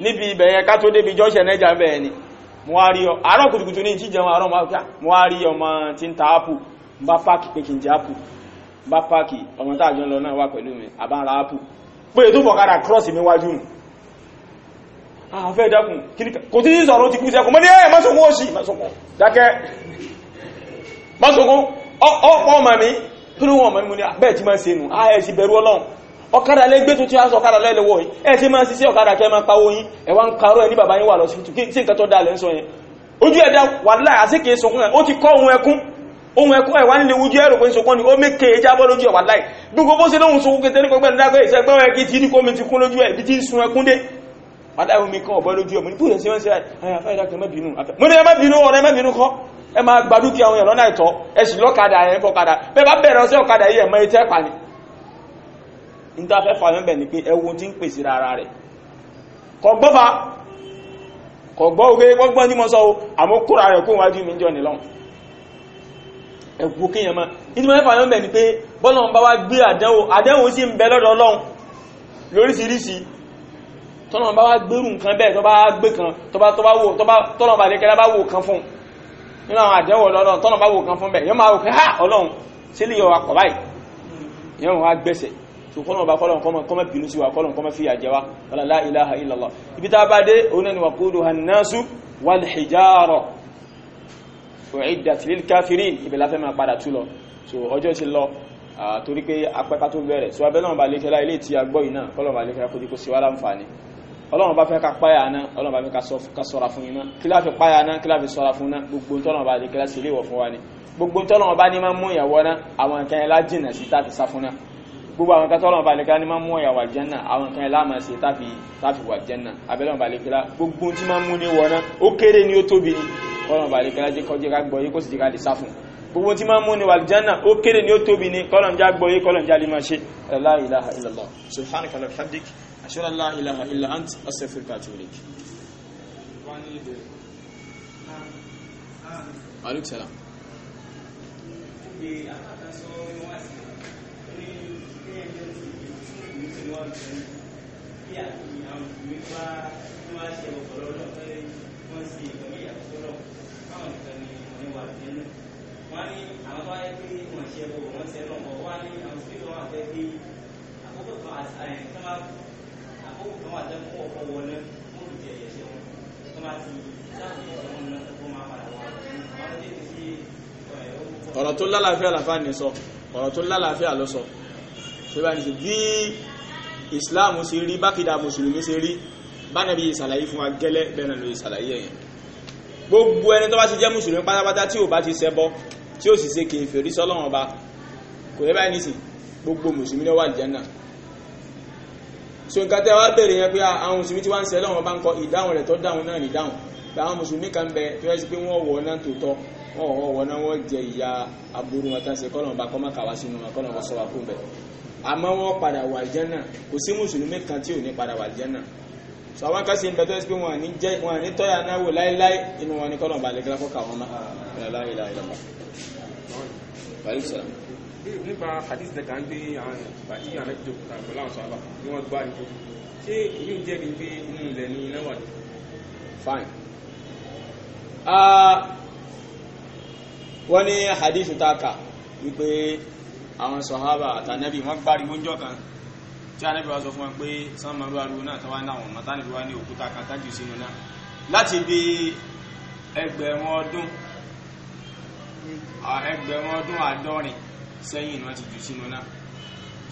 níbi ibẹ̀ yẹn ká tó débi jọ́ṣẹ̀ nẹ́jà bẹ́ẹ̀ ni mo wá rí ọ àárọ̀ kùtùkùtù ní jíjẹun àárọ̀ ah! mo wá rí ọmọ tí ń ta ápù bá páàkì pé kí n jẹ ápù bá páàkì ọmọ táàjọ lọ náà wà pẹ̀lú mi àbára ápù pé ètò fọ̀kadà cross mi wájú nù àwọn ah, fẹ́ dákùn kò tí sọ̀rọ̀ ti kú sẹ́kùn mọ́ ní ẹ̀ mọ́sùnkún òṣì mọ́sùnkún dákẹ́ mọ́sùnkún ọ̀pọ̀ mami, mi tó ní wọn mọ̀ mú ní àbẹ́ tí máa ń ṣe nù ààyè sí bẹ̀rù Ọlọ́run ọ̀kadà lẹ́gbé tó tí a sọ ọ̀kadà lẹ́lẹ́wọ̀ yìí ẹ̀ tí máa ń ṣiṣẹ́ ọ̀kadà kẹ́ máa pawó yín ẹ̀wà ń karọ́ ẹ̀ ní bàbá yín wà lọ sí fìtù kí nǹkan tó dalẹ̀ ń sọ yẹn ojú ẹ̀dá wà láì àṣekè sọkún ẹ̀ ó ti kọ́ ohun ẹkún ohun ẹkún ẹ̀wà nílé ojú ẹ̀rọ pé sọkún ni ó mékè ẹja bọ́ lójú ẹ̀ láì bí gbogbo ṣe lóhun sọkún kété ní kọgbẹ́ ní ìṣẹ́gbẹ́ ẹ̀kí ti ní kómi ti kún lójú ẹ̀ bí ń sun ẹkún dé aláìwòmí kan ọ̀bọ̀ lójú ọmọ nípò ẹ̀sẹ̀ wọ́n sí àyàfẹ́ ìdákan mẹ́bìnú mọ́ ní ẹmẹ́bìnú ọ̀rẹ́ mẹ́bìnú kọ́ ẹ máa gba dúkìá àwọn ìrọ́nà ìtọ́ ẹ̀sì lọ́kadà ẹ̀ fọ́kadà bẹ́ẹ̀ bá bẹ̀rẹ̀ ọsẹ́ ọ̀kadà yìí ẹ̀mọ́ ìtẹ́ pa ni níta fẹ́ fà mẹ́bẹ̀ ni pé ẹwu ti ń pèsè ara rẹ̀ ní tọ́nà bá wá gbérù nǹkan bẹ́ẹ̀ tó bá gbé kan tọ́nà bá lékẹ́lá bá wò kan fún nínú àwọn àdẹ́wò lọ́dọ̀ tọ́nà bá wò kan fún bẹ́ẹ̀ yọ́n máa wò kẹ́ ha ọlọ́run sí lè yọ wa kọ̀ báyìí yọ́n wá gbẹ̀sẹ̀ tó kọ́nà bá kọ́lọ̀ kọ́mọ bínú sí wa kọ́lọ̀ kọ́mọ fi àjẹ wa wala la ilaha illallah ibi tá a bá dé òun ilé tí a gbọ́ yìí náà kọ́lọ̀mọba lékẹ́lá kó dí kó sí wa láǹfààní ọlọ́run bá fẹ́ ká páyà náà ọlọ́run bá fẹ́ ká sọ́ra fún iná kí láfi páyà náà kí láfi sọ́ra fún iná gbogbo tọ́lọ́run bá lè kí láti léwọ̀ fún wa ni gbogbo tọ́lọ́run bá ní máa mú ìyàwó náà àwọn nǹkan ẹ̀ lájìnà sí táfi sá fún náà gbogbo àwọn nǹkan tọ́lọ́run bá lè kí máa mú ìyàwó àjẹ́nà àwọn nǹkan ẹ̀ láàmà sí táfi wà jẹ́nà abẹ́lọ́run bá lè kí gbogbo gbogbo tí máa mú ní wà jẹ́nà ó kéré ni ó tóbi ni kọ́lọ̀njá gbọ́ yé kọ́lọ̀njá lè máa ṣe la ilaha illallah subhanaka ashhadu an la ilaha illa ant astaghfiruka wa atubu ilayk aleykum salaam wọ́n ní àwọn tó wáyé pé wọ́n ṣe ẹ̀kọ́ wọ́n ṣe náà wọ́n ní àwọn tó wà pé àkókò kan àti àyẹ̀kọ́ àwọn àjẹkù ọkọ wọlé wọn ti ẹyẹ ṣe wọn tó máa ti láti ẹyẹ wọn ọ̀rọ̀ tó lálàáfíà làfáà ní sọ ọ̀rọ̀ bí Islam ṣe rí bákidà mùsùlùmí ṣe rí bánàbí ìsàlàyé fún wa gẹ́lẹ́ bẹ́ẹ̀ náà ló ìsàlàyé ẹ̀yìn gbogbo ẹni tó bá ti jẹ́ mùsùlùmí pátápátá tí ò bá ti ṣẹbọ tí ò sì ṣe kèfèrí sọ́lọ́run ọba kò lè báyìí nísìn gbogbo mùsùlùmí ló wà àlùjánnà so nǹkan tẹ́ wá bẹ̀rẹ̀ yẹn pé ah, àwọn mùsùlùmí tí wá ń sẹ́lẹ̀ wọn bá ń kọ ìdáhùn rẹ̀ tó dáhùn náà nìdáhùn àwọn mùsùlùmí kan bẹ tó yẹ sí pé wọ́n wọ̀ náà tòótọ́ wọ́n wọ̀ wọ̀ náà wọ́n jẹ ìyá aburú wọn tán ṣe kọ́nà ọba kọ́ má kà wá sínú wọn kọ́nà wọn sọ wá kún bẹ̀ àmọ́ wọ́n padà wà àlìjánnà kò sí mùsùlùmí kan tí ò ní padà wà àlìjánnà so àwọn kan sì ń tó yẹ pé wọn àní jẹ wọn àní náà wò ni kọ́nà ọba àlẹ́gẹ́lá kọ́ nípa hadith dẹ́ka ń gbé àwọn ìbàdí àrẹ́bìjọ pẹ̀lú àwọn sọ́ọ́bà ni wọ́n gbá ìjọ ṣé yóò jẹ́ ní pé inú ilẹ̀ ní iná wà ní. fine ah, wọ́n ní hadith taka wípé àwọn sọ̀hábà àtànẹ́bì wọ́n gbárí oúnjọ́ kan tí anẹ́bì wá sọ fún wọn pé sánmà ló ariwo náà tọ́wá náà wọ̀n mọ́ta níbi wá ní òkúta kan tájù sínú náà láti bí ẹgbẹ̀rún ọdún ẹgbẹ̀rún ọdún àádọ́rin sẹ́yìn wọ́n ti jù sínú náà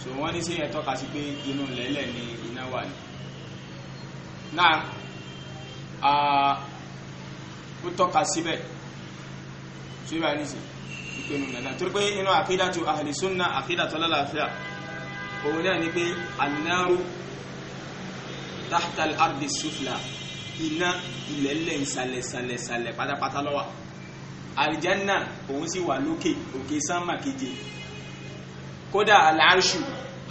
so wọ́n ní sí ẹ̀tọ́ kà sí pé inú lẹ́lẹ̀ ni iná wà ní náà ó tọ́ka síbẹ̀ tí ó bá ní sí ìpinnu lẹ́lẹ̀ torí pé inú àkídàtù ahli sunna àkídàtù lálàáfíà òun náà ni pé annaru tahtal ardi sufla iná ilẹ̀lẹ̀ ìsàlẹ̀sàlẹ̀sàlẹ̀ pátápátá ló wà àlìjánà òun sì wà lókè òkè sánmà keje kódà aláàrṣù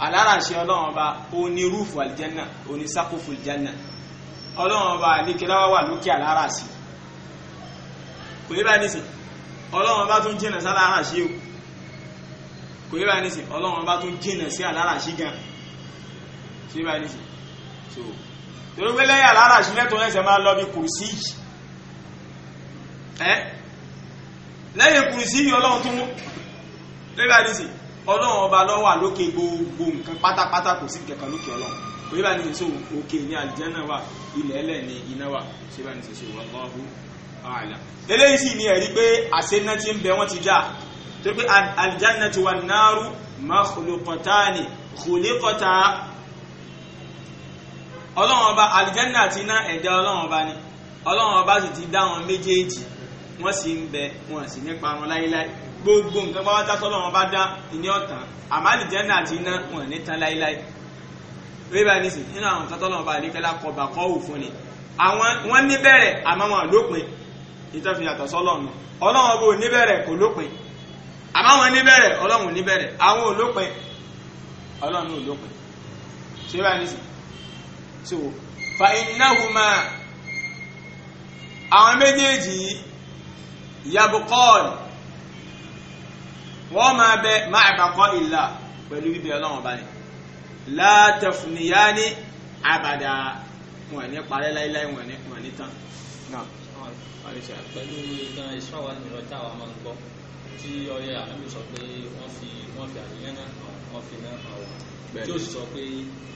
aláàrṣẹ ọlọ́run ọba oní rúfù àlìjánà oní sákòfù àlìjánà ọlọ́run ọba àlékeláwà wà lókè aláàrṣì kò yẹ báyìí nìsín ọlọ́run ọba tún jìnà sí aláàrṣì o kò yẹ báyìí nìsín ọlọ́run ọba tún jìnà sí aláàrṣì gan kò yẹ báyìí nìsín so torí pé lẹ́yìn aláàrṣì lẹ́tọ̀ọ́ ẹ̀sẹ̀ máa lọ bí kùrùsí ẹ́ lẹ́yìn kùrùsí yìí ọlọ́run tún mú lẹ́yìn báyìí nìsín ọlọ́run ọba lọ́wọ́ àlókè gbogbo nǹkan pátápátá kò sí kankan lókè ọlọ́run kò yíba ní sọ òkè ní àlìjẹ́nà wà ilẹ̀ ẹlẹ̀ ní iná wà ṣé bá ní sọ sọ wallahu a'lam. eléyìí sì ni ẹ̀rí pé àṣẹ́ná ti ń bẹ wọ́n ti dá tó pé aljannatu wan naru makhluqatani khuliqata ọlọ́run ọba àlìjẹ́nà àti iná ẹ̀dá ọlọ́run ọba ni ọlọ́run ọba sì ti dá wọn méjèèjì wọ́n sì ń bẹ wọn sì nípa wọn láíláí gbogbo nǹkan bá dá sọ́dọ̀ wọn bá dá ìní ọ̀tàn àmàlì jẹ́nà àti iná wọn ní tán láíláí lórí bá nísìn nínú àwọn nǹkan tọ́lọ́wọ́n bá nífẹ̀ẹ́ lákọ̀ bà kọ́ òwò fún ni àwọn wọn níbẹ̀rẹ̀ àmọ́ wọn lópin ìtọ́fi yàtọ̀ sọ́lọ́run ọlọ́run bó níbẹ̀rẹ̀ kò lópin àmọ́ wọn níbẹ̀rẹ̀ ọlọ́run níbẹ̀rẹ̀ àwọn olópin ọlọ́run olópin ṣé bá nísìn so fa ináhùmá àwọn méjèèjì yabukọ́ọ̀lù wọ́n máa bẹ máa ìbàkọ́ ìlà pẹ̀lú bíbẹ ọlọ́run ọba ni látẹ̀fùnìyá ní àbàdà wọn ní parẹ́ láíláí wọn ní wọn ní tán. pẹ̀lú ìtàn ìṣọ́ wa nìyọ tá a máa ń gbọ́ tí ọyẹ ànábì sọ pé wọ́n fi wọ́n fi àdéhùn náà wọ́n fi náà hàn wá tí ó sì sọ pé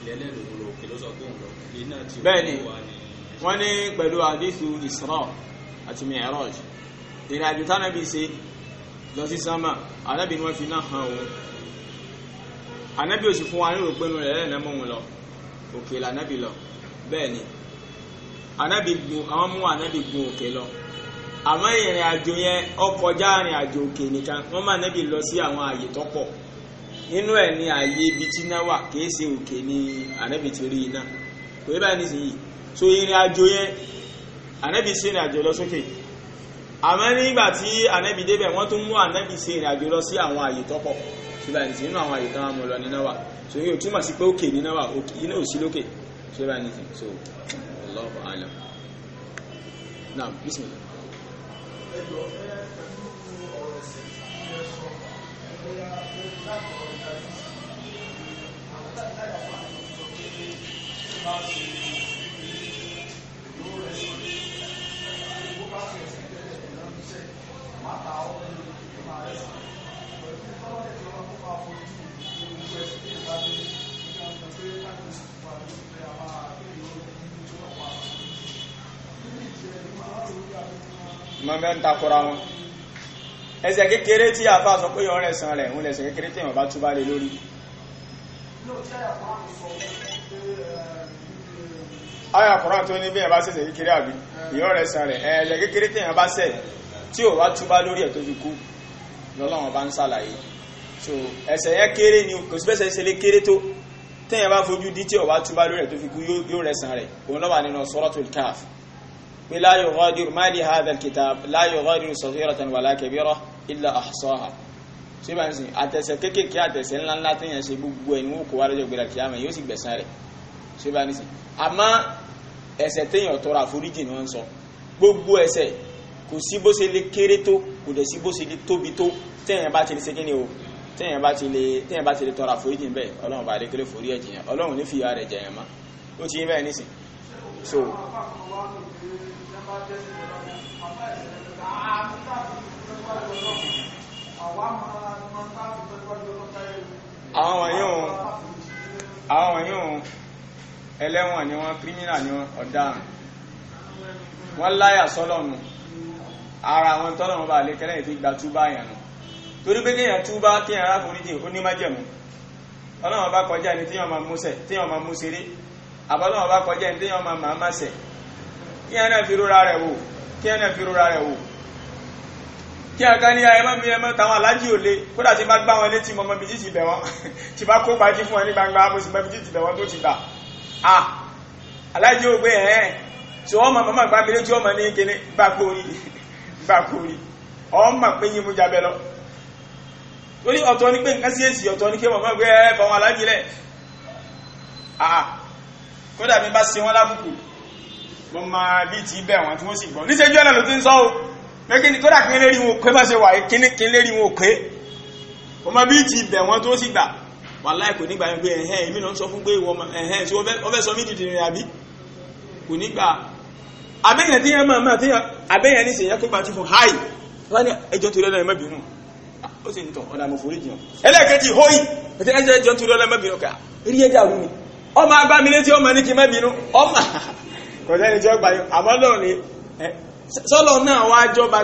ilẹ̀lẹ̀ lòun lò ló sọ pé òun lọ ilé náà ti wọ́n wà ní. wọ́n ní pẹ̀lú lọ sí sámà anábì ni wọ́n fi náà hàn òun anábì ò sì fún wa nírò pẹ́nu rẹ̀ lẹ́nà mọ́ òun lọ òkè lànábì lọ bẹ́ẹ̀ ni anábì gun àwọn mú anábì gun òkè lọ àmọ́ ìrìn àjò yẹn ọkọjá ìrìn àjò òkè nìkan wọ́n máa nábì lọ sí àwọn àyè tó pọ̀ nínú ẹ̀ ni àyè ibi tí iná wà kìí ṣe òkè ni anábì ti rí iná kò nísìnyí so ìrìn àjò yẹn anábì ṣe ìrìn àjò lọ sókè. So àmọ́ nígbà tí ànábì débẹ̀ wọ́n tún mú ànábì ṣe ìrìn àjò lọ sí àwọn àyè tọ́pọ̀ ṣùgbọ́n ẹni tí nínú àwọn àyè tán wọn lọ níná wà so yóò túmọ̀ sí pé òkè níná wà iná ò sí lókè ṣùgbọ́n ẹni tí so Allahu a'lam náà bismillah. Thank you. mọ́mẹ́ ń takora wọn ẹsẹ̀ kékeré tí àfá sọ pé yọ́n rẹ̀sán rẹ̀ ń lẹ̀sẹ̀ kékeré tí wọ́n bá túbá lè lórí ayà kọ̀rán tó ní bí ẹ̀ bá sẹ̀sẹ̀ kékeré àbí yọ́n rẹ̀sán rẹ̀ ẹ̀ẹ̀sẹ̀ kékeré tí wọ́n bá sẹ̀ tí ò wá túbá lórí ẹ̀ tó fi kú lọ́lọ́wọ́n bá ń sàlàyé so ẹ̀ṣẹ̀ yẹn kéré ni kò sí bẹ́ẹ̀ ṣẹ̀ṣẹ̀ lé kéré tó téèyàn bá fojú dí tí ó bá túbá lórí ẹ̀ tó fi kú yóò rẹ̀sán rẹ̀ òun lọ́wọ́ nínú Suratul Kahf pé la yughadiru ma li hadha al-kitab la yughadiru saghiratan wala kabiratan illa ahsaha ṣé bá ń sìn àtẹ̀ṣẹ̀ kéékèèké àtẹ̀ṣẹ̀ ńláńlá téèyàn ṣe gbogbo ẹ̀ ni wọ́n kó wá lọ́jọ́ gbéra kíyàmá yóò sì gbẹ̀san rẹ̀ ṣé bá ń sìn àmọ́ ẹ̀ṣẹ̀ téèyàn tọrọ àforíjì ni wọ́n ń sọ gbogbo ẹ̀ṣẹ̀ kò sí bó ṣe lè kéré tó kò dẹ̀ sí bó ṣe lè tóbi tó tẹ́yìn bá ti lè ṣẹ́gi ni o tẹ́yìn bá ti lè tẹ́yìn bá ti lè tọrọ àforíjì ń bẹ́ẹ̀ ọlọ́run bá lè forí ẹ̀jẹ̀ yẹn ọlọ́run ní fìyà rẹ̀ jẹ̀yàn mọ́ ó ti yín bẹ́ẹ̀ nísìn so. àwọn wọ̀nyí o àwọn wọ̀nyí o ẹlẹ́wọ̀n ni wọ́n kírímínà ni wọ́n ọ̀daràn wọ́n láyà sọ́lọ́nu ara àwọn tọ́lọ̀ wọn bá lè kẹ́lẹ́ ìfi gba túbá yẹn nù torí pé kéèyàn túbá kéèyàn aráforíjì ó ní májẹ̀mú ọlọ́wọ́n bá kọjá ẹni téèyàn máa músẹ̀ téèyàn máa múseré àbọ́lọ́wọ́n bá kọjá ẹni téèyàn máa máa máṣẹ̀ kéèyàn náà fi rora rẹ̀ wò kéèyàn náà fi rora rẹ̀ wò kí a ká ní ayé má bí ẹmọ táwọn alájí ò lé kódà tí bá gbá wọn létí mọmọ bíi títì bẹ̀ wọ́n [LAUGHS] tí bá kó gbajú fún wọn ní gbangba bó sì mọ títì bẹ̀ wọ́n tó ti gbà á alájí ò gbé ẹ̀ ẹ́ tí wọ́n mọ mọ́mọ́ gbá mi létí ọmọ ní kéne gbàgbó yìí [LAUGHS] gbà kó rí ọ̀n mà pé yín mú jabẹ lọ torí ọ̀tọ̀ ni pé nǹkan sí èsì ọ̀tọ̀ ni kí màmá gbé ẹ fọwọn aláàjì lẹ̀ àà kódà mi bá ṣe wọn lábùkù mo máa bí ti bẹ̀ wọn tí wọ́n sì gbọ́ níṣẹ́ jọ́nà ló ti ń sọ o mẹ́kí ni kódà kí n lérí wọn ò pé bá ṣe wà kí n lérí wọn ò pé mo máa bí ti bẹ̀ wọn tó sì gbà wàláhì kò nígbà yẹn pé ẹ̀hẹ́n èmi náà ń sọ fún pé ìwọ tí ó fẹ́ sọ mí dìde rìn àbí kò nígbà Abe ya yẹn máa máa abe ya ní sèyàn pípa tí fún háì wọ́n ní ẹjọ́ torí ọlọ́run mẹ́bìnú ó sì ń tàn ọ̀nà àmọ̀fòrí jìyàn ẹlẹ́ẹ̀kejì hóì ẹjọ́ ma torí ọlọ́run mi tí ó mọ ní kí mẹ́bìnú ma kò sẹ́ni tí ó ni sọ́lọ̀ náà wá jọba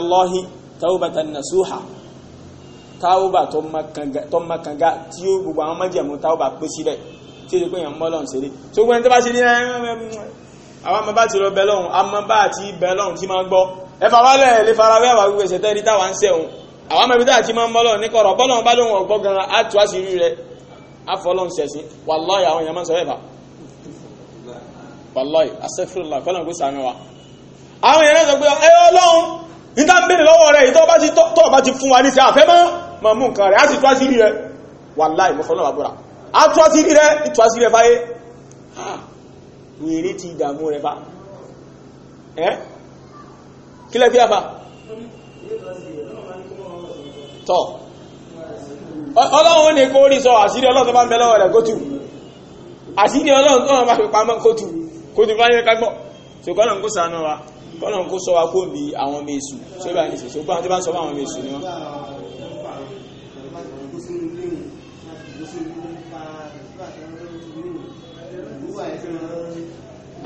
ma tawbatan nasuha tawba tó ma kanga tí ó gbogbo àwọn májẹ̀mú tawba pé sílẹ̀ tí ó pé yàn mọ́lọ̀ ṣeré tó gbọ́n tó bá ṣe ní àwọn ọmọ bá ti lọ bẹ̀lọ́hun àmọ́ bá ti bẹ̀lọ́hun tí máa gbọ́ ẹfà wálẹ̀ lè fara wẹ́wà gbogbo ẹ̀ṣẹ̀ tẹ́rí táwa ń sẹ́hun àwọn ọmọ ibi táà ti máa ń bọ́lọ̀ ní kọ̀rọ̀ bọ́lọ̀ bá lóhun ọ̀gbọ́ gan àtú àṣírí rẹ̀ afọlọ́hun ṣẹ̀sìn wallahi àwọn èèyàn máa ń sọ ẹ̀fà wallahi astaghfirullah kọ́lọ̀ gbé sàmì wa àwọn èèyàn sọ pé ẹ ọlọ́hun níta ń bèèrè lọ́wọ́ rẹ̀ ìtọ́ bá ti fún wa ní sí àfẹ́ mọ́ mọ̀ mú nǹkan rẹ̀ á sì tó àṣírí rẹ̀ wàláhì mo fọ́nà àbúrà á tó àṣírí rẹ̀ ìtọ́ àṣírí rẹ̀ fáyé wèrè ti ìdààmú rẹ̀ bá ẹ́ kí lẹ́ fi àfà tọ́ ọlọ́run ní kó rí sọ àṣírí ọlọ́run tó bá ń bẹ lọ́wọ́ rẹ̀ kó tù àṣírí ọlọ́run tó bá yẹ ká gbọ́ ṣùgbọ́n ń kó sànú wa kọ́nà kó sọ wa kó bí àwọn ọmọ èṣù tó bá ní ṣèṣe gbọ́n tó bá ń sọ fún àwọn ọmọ èṣù ni wọ́n.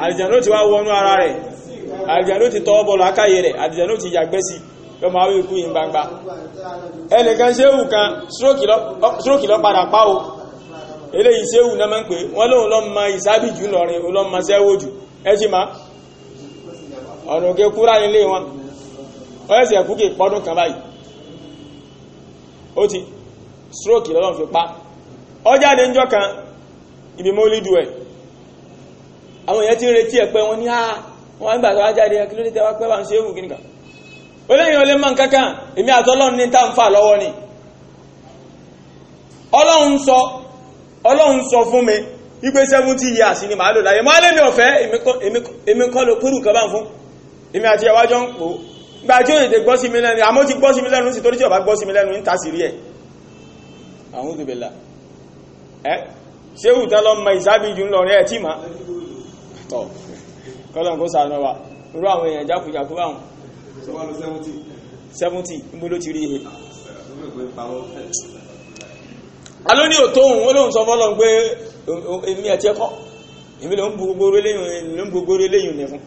àlìjànú ti wá wọnú ara rẹ̀ àlìjànú ti tọwọ́ bọ̀lọ̀ akáyè rẹ̀ àlìjànú ti yàgbẹ́ sí yọmọ àwọn ikú yìí gbangba ẹnìkan ṣéwù kan stroke lọ padà pa eléyìí ṣéwù náà máa ń wọ́n lóun lọ́ ma ìsábìjù lọ́rin olóun ma ṣẹ́wò jù ẹ máa ọ̀nà òkè kúrá nílé wọn ọ̀ẹ́sì ẹ̀kúkè pọ́dún kan báyìí ó ti stroke lọ́lọ́n fi pa ọjáde ń jọ kan ibi mọ́ lídù ẹ̀ àwọn èèyàn ti ń retí ẹ̀pẹ́ wọn ní á ah, wọn nígbà tó ajáde ẹ̀ kí ló dé tẹ́wọ́ pẹ́ bá ń ṣe é wù kí nìkan ó lẹ́yìn olè mọ́ ni ọlọ́run lò láyé mọ́ alẹ́ mi ọ̀fẹ́ èmi kọ́ ló èmi àti ẹwà jọ ń pò gbà tí ó lè gbọ́ sí mi lẹ́nu àmọ́ ti gbọ́ sí mi lẹ́nu sí torí tí ọba gbọ́ sí mi lẹ́nu ń ta sí rí ẹ̀ àwọn òdòbẹ̀là ẹ́ ṣé wùtá lọ mọ ìsábì jù ń lọ rẹ̀ tí ma tọ̀ kọ́lọ̀ kó sàánà wa irú àwọn èèyàn jákujàku báwọn 70 níbo ló ti rí ihe aló ní òtó òun ó lóun sọ fọ́lọ́ pé èmi àti ẹ̀kọ́ èmi ló ń gbogbo eléyìn nìfún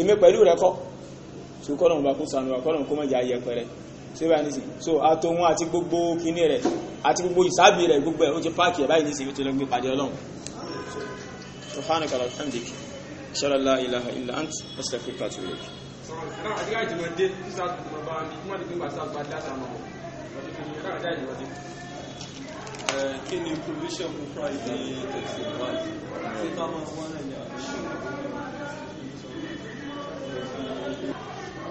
èmi pẹ̀lú rẹ kọ́ so kọ́nà ọba kó sànù wa kọ́nà kó mọ̀jà yẹ pẹ̀rẹ̀ ṣé báyìí nìsín so àtòhun àti gbogbo kíní rẹ̀ àti gbogbo ìsáàbì rẹ̀ gbogbo ẹ̀ ó ti páàkì ẹ̀ báyìí nìsín ó ti lọ gbé pàdé ọlọ́run سبحانك اللهم وبحمدك اشهد ان لا اله الا انت استغفرك واتوب اليك kí ni provision fún friday 31 ṣe ká máa wọ́n náà ní àṣírí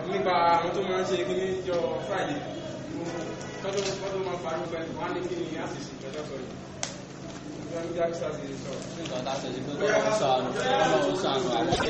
nípa àwọn tó máa ń ṣe kí ní jọ friday tọ́jú tọ́jú máa fa ní pẹ̀lú wọn ní kí ni àṣìṣe ìjọba sọ yìí ìjọba ní kí àṣìṣe sọ.